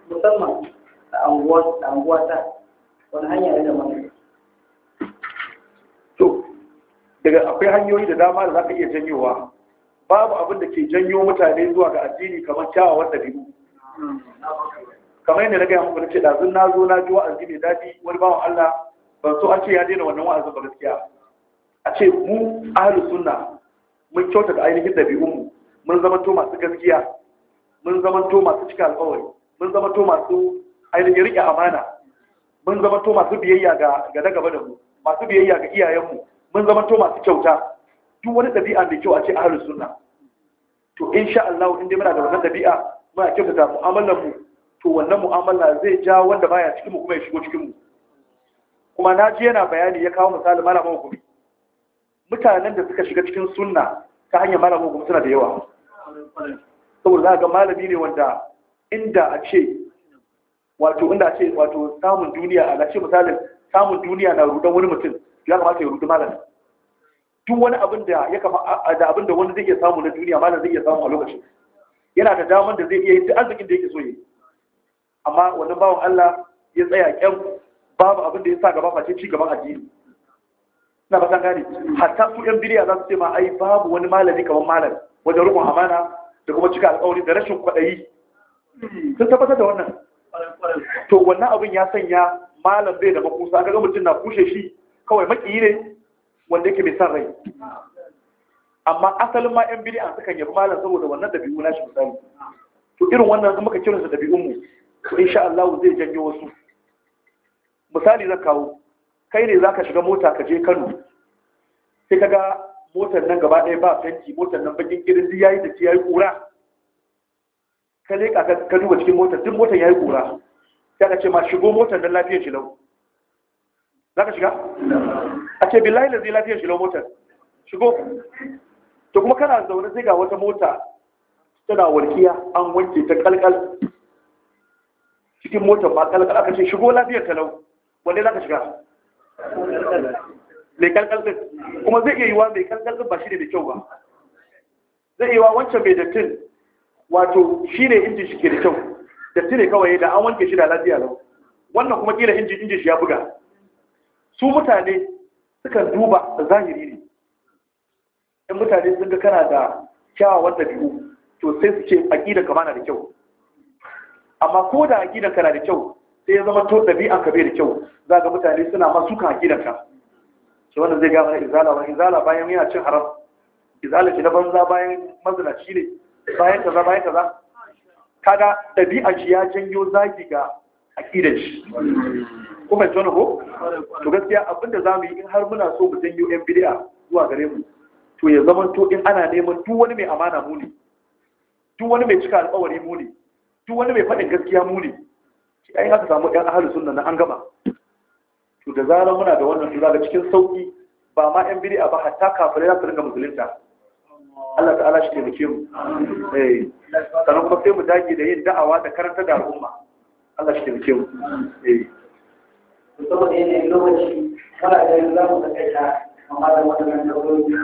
musamman a anguwata wani hanyar da daga akwai hanyoyi da dama da zaka iya janyowa babu abin da ke janyo mutane zuwa ga addini kamar kyawawan ɗabi'u hmm. kamar yadda na gaya muku na ce da zun zo na ji wa'azi mai daɗi wani bawan Allah ban so an ce ya daina wannan wa'azin ba gaskiya a ce mu ahlus sunna mun kyauta da ainihin dabi'unmu mun zama to masu gaskiya mun zama to masu cika alƙawari mun zama to masu ainihin riƙe amana mun zama to masu biyayya ga ga gaba da mu masu biyayya ga iyayenmu mun zama to masu kyauta duk wani ɗabi'a mai kyau a ce ahlus sunna to insha Allah in dai muna da wannan ɗabi'a muna kyautata mu'amalar mu to wannan mu'amala zai ja wanda baya cikin mu kuma ya shigo cikin mu kuma na ji yana bayani ya kawo misali malaman hukumi mutanen da suka shiga cikin sunna ta hanyar malaman hukumi suna da yawa saboda za ga malami ne wanda inda a ce wato inda a ce wato samun duniya a ce misalin samun duniya na rudan wani mutum ya kamata ya rudu malami duk wani abin da ya kama da abin da wani zai iya samu na duniya malam zai iya samu a lokacin yana da damar da zai iya yi duk arzikin da yake so yi amma wani bawan Allah ya tsaya ƙyan babu abin da ya sa gaba face ci gaban addini na ba san gane hatta su ƴan bidiya za su ce ma ai babu wani malami kamar malam wajen rukun amana da kuma cika alƙawari da rashin kwaɗayi sun tabbatar da wannan to wannan abin ya sanya malam bai da makusa ga mutum na kushe shi kawai maƙiyi ne wanda yake bai san rai amma asalin ma yan bidiya sukan yabi malam saboda wannan dabi'u na shi misali to irin wannan muka kiransa dabi'un mu insha Allah zai janyo wasu misali zan kawo kai ne zaka shiga mota ka je Kano sai kaga motar nan gaba ɗaya ba fenti motar nan bakin gidan duk yayi da ci yayi kura ka ne ka duba cikin motar duk motar yayi kura sai ka ce ma shigo motar nan lafiyar shi lau zaka shiga a ce billahi lazi lafiyar shi lau motar shigo to kuma kana zaune sai ga wata mota tana warkiya. an wanke ta kalkal cikin motar ba kalkal aka ce shigo lafiyar talau wanda za ka shiga mai kalkal din kuma zai iya yi wa mai kalkal din ba shi ne mai kyau ba zai iya wa wancan mai dattin wato shi ne injin shi ke da kyau datti ne kawai da an wanke shi da lafiya lau wannan kuma kila injin injin shi ya buga su mutane sukan duba da zahiri ne in mutane sun ga kana da kyawawan ɗabi'u to sai su ce aƙida kama na da kyau amma ko da aqidan kana da kyau sai ya zama to dabi'an ka bai da kyau za ga mutane suna masu suka aqidan ka shi wannan zai gama izala wani izala bayan yana cin haram izala ce na banza bayan shi ne bayan kaza bayan kaza kaga dabi'an shi ya janyo zagi ga aqidan shi ko bai tona ko to gaskiya abinda mu yi in har muna so mu janyo yan bidiya zuwa gare mu to ya zama to in ana neman duk wani mai amana mu ne duk wani mai cika alƙawari mu ne duk wani mai faɗin gaskiya mu ne shi ai aka samu ɗan ahalin sunna na an gama to da zarar muna da wannan tura ga cikin sauki ba ma ɗan bid'a ba hatta kafirai za su ringa musulunta Allah ta'ala shi muke mu eh sanan kuma sai mu dage da yin da'awa da karanta da al'umma Allah shi muke mu eh saboda yanayin lokaci kana da yin zamu da kai ta amma da wannan lokaci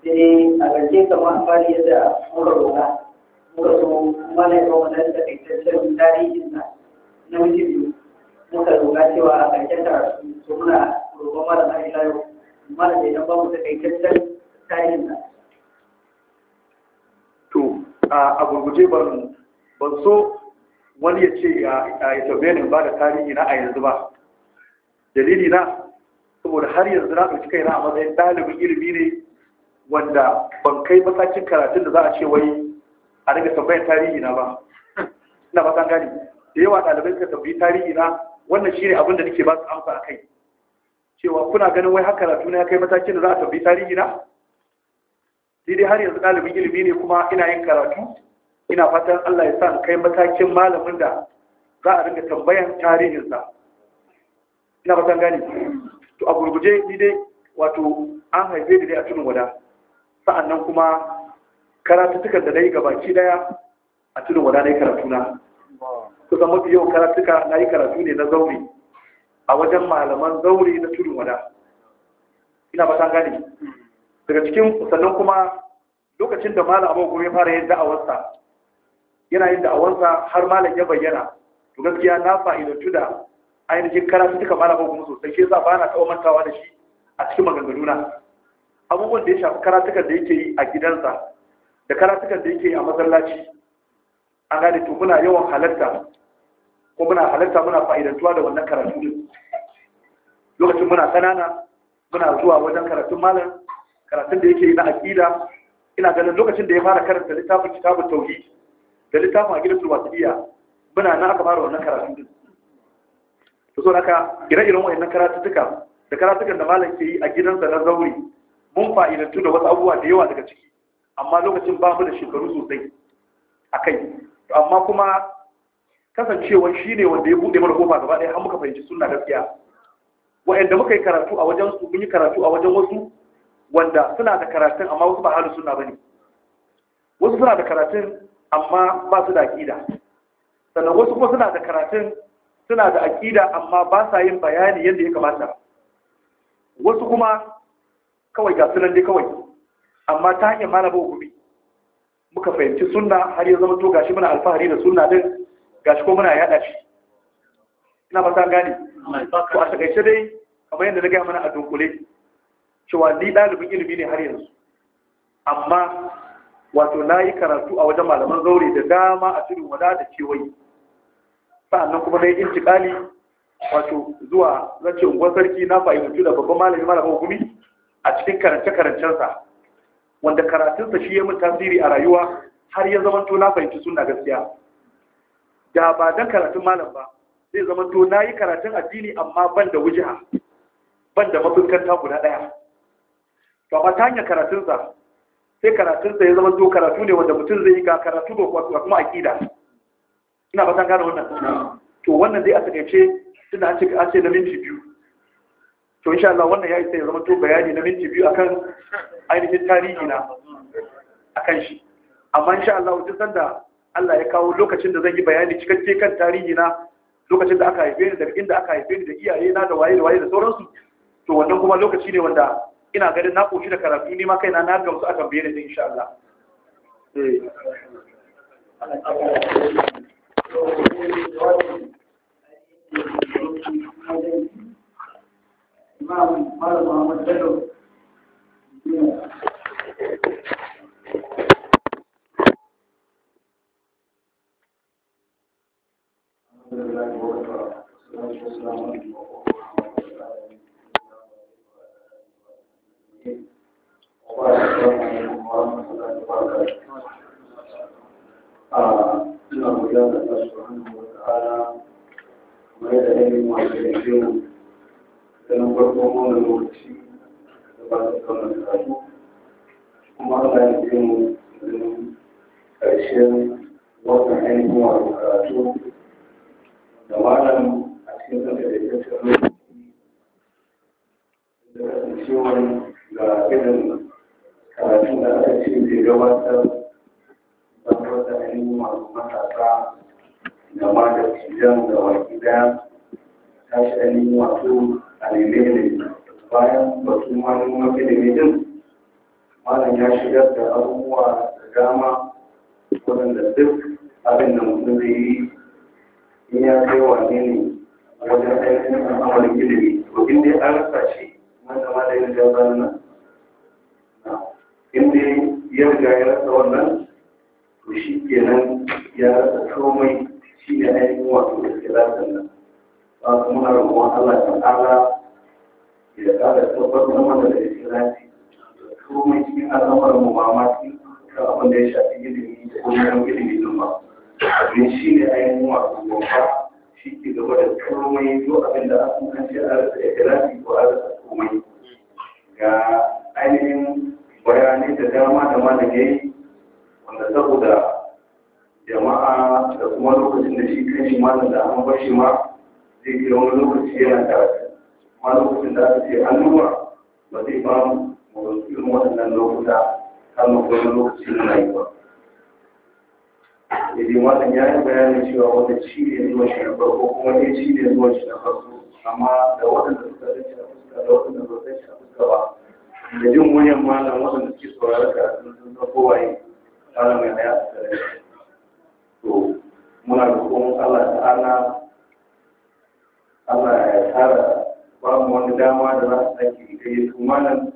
sai a gaje kamar fari da mura rola wato wani yawan wannan da taitaccen tarihin na na biyu muka roƙa cewa a ƙarshen karatu to muna roƙon mara na ila yau mara da idan ba mu da. tarihin na. to a gurguje ban so wani ya ce ya yi ni ba da tarihi na a yanzu ba dalili na saboda har yanzu na ɗauki kaina a matsayin ɗalibin ilimi ne wanda ban kai matakin karatun da za a ce wai a daga tambayar tarihi na ba ina ba san gani da yawa ɗalibai suka tambayi tarihi na wannan shine abin da nake ba su amsa a kai cewa kuna ganin wai haka karatu na ya kai matakin da za a tambayi tarihi na sai dai har yanzu ɗalibin ilimi ne kuma ina yin karatu ina fatan Allah ya sa in kai matakin malamin da za a ringa tambayan tarihinsa ina san gani to a gurguje ni dai wato an haife da dai a tunin wada sa'annan kuma karatuttukan da na yi gabaki daya a tudun wada na yi karatu na kusan mafi yawan karatuka na yi karatu ne na zaure a wajen malaman zaure na tudun wada ina ba ta gane daga cikin sannan kuma lokacin da malam abu gobe fara yin da'awarsa yana yin da'awarsa har malam ya bayyana to gaskiya na fa'idantu da ainihin karatu duka malam abu gobe sosai shi yasa ba na taɓa mantawa da shi a cikin maganganuna abubuwan da ya shafi karatukan da yake yi a gidansa da karatukan da yake a masallaci an gane to muna yawan halarta ko muna halarta muna fa'idantuwa da wannan karatu din lokacin muna kanana muna zuwa wajen karatun malam karatun da yake na aqida ina ganin lokacin da ya fara karanta littafin kitabun tauhid da littafin wasu iya, muna nan aka fara wannan karatu din to so haka ire-iren wayannan karatutuka da karatukan da malam ke yi a gidansa na zauri mun fa'idantu da wasu abubuwa da yawa daga ciki amma lokacin ba mu da shekaru sosai a kai amma kuma kasancewa shi ne wanda ya buɗe mana kofa gaba ɗaya an muka fahimci suna gaskiya wa'anda muka yi karatu a wajen su mun yi karatu a wajen wasu wanda suna da karatun amma wasu ba halin suna ba ne wasu suna da karatun amma ba su da aƙida sannan wasu kuma suna da karatun suna da aƙida amma ba sa yin bayani yadda ya kamata wasu kuma kawai ga sunan dai kawai amma ta hanyar malaba gumi muka fahimci suna har ya zama to gashi muna alfahari da suna din gashi ko muna yada shi ina ta gane to a takaice dai kamar yadda na gaya mana a dunkule cewa ni ɗalibin ilimi ne har yanzu amma wato na yi karatu a wajen malaman zaure da dama a cikin wada da kewaye sa'annan kuma na yi intikali wato zuwa zance unguwar sarki na fahimci da babban malami malamin hukumi a cikin karance-karancensa wanda karatunsa shi ya mun tasiri a rayuwa har ya zama to na fahimci suna gaskiya da ba dan karatun malam ba zai zama to na yi karatun addini amma ban da wujiha ban da mafinkanta guda ɗaya to amma ta hanyar karatunsa sai karatunsa ya zama to karatu ne wanda mutum zai yi ga karatu ga kuma aƙida ina ba san gane wannan to wannan zai a takaice tunda an ce na minti biyu to insha Allah wannan ya isa ya zama to bayani na minti biyu akan ainihin tarihi na akan shi amma insha Allah duk sanda Allah ya kawo lokacin da zan yi bayani cikakke kan tarihi na lokacin da aka haife ni daga inda aka haife ni da iyaye na da waye da waye da sauransu to wannan kuma lokaci ne wanda ina ganin na koshi da karatu ni ma kaina na gamsu a tambaye ni insha Allah Thank eh. you. imam malam Muhammad Bello Thank you. ganin farkon wani lokaci da ba su kama karatu kuma ana yi kai mu ganin ƙarshen wannan ainihin wato karatu da malam a cikin kanka da ya ce lokaci da kasancewar ga irin karatu da aka ce zai gabatar da wata ainihin wato matasa da ma da cijan da waki daya tashi ainihin wato ɗalibai ne bayan wasu malamin ilimi din malam ya shigar da abubuwa da dama waɗanda duk abin da mutum zai yi in ya kai wane ne wajen aikin amalin ilimi to in dai an rasa shi wanda malamin ya zanna in dai ya riga ya rasa wannan to shi kenan ya rasa komai shi ne ainihin wato da ke rasa nan muna roƙon Allah ta ƙara ya ƙara tabbatar mana da ikirari komai cikin al'amuran mu ba ma cikin abin da ya shafi ilimi da kuma ilimi din ba abin shi ne ainihin wato gwamfa shi ke gaba da komai duk abin da aka kan ce a rasa ikirari ko a rasa komai ga ainihin bayanai da dama da malamai wanda saboda jama'a da kuma lokacin da shi kan shi malam da an bar shi ma zai ke wani lokaci yana karatu kuma lokacin da aka ce annuba ba zai ba mu irin waɗannan lokuta har mu wani lokaci na yi ba. idan wannan ya yi bayanin cewa wanda ci ne zuwa shi na farko kuma ne ci ne zuwa shi na farko amma da waɗanda suka zai shi a fuska da waɗanda ba zai shi a fuska ba da jin wayan malam waɗanda suke saurara karatun sun san kowaye malam mai haya a to muna da kuma Allah ta'ala Allah ya tsara ba mu wani dama da za a sake gaye su malam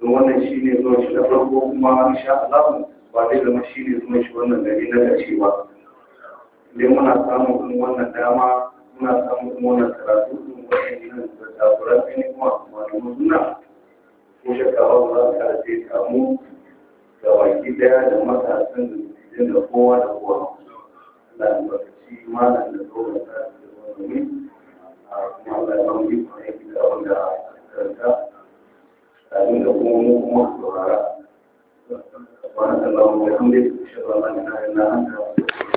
da wannan shi ne zuwa shi da farko kuma an sha alamu ba zai zama shi ne zuwa shi wannan gari na gaci ba. Idan muna samun irin wannan dama muna samun irin wannan karatu irin wannan ginin da takurar ne kuma malamu suna ko shakka ba za ka sai samu ga baki daya da matasan da da kowa da kowa. Allah ya barkaci malam da tsohon sa da wani kuma Allah ya samu iko ne ki da wanda karanta abin da kuma mu kuma saurara wa sallallahu alaihi wa sallam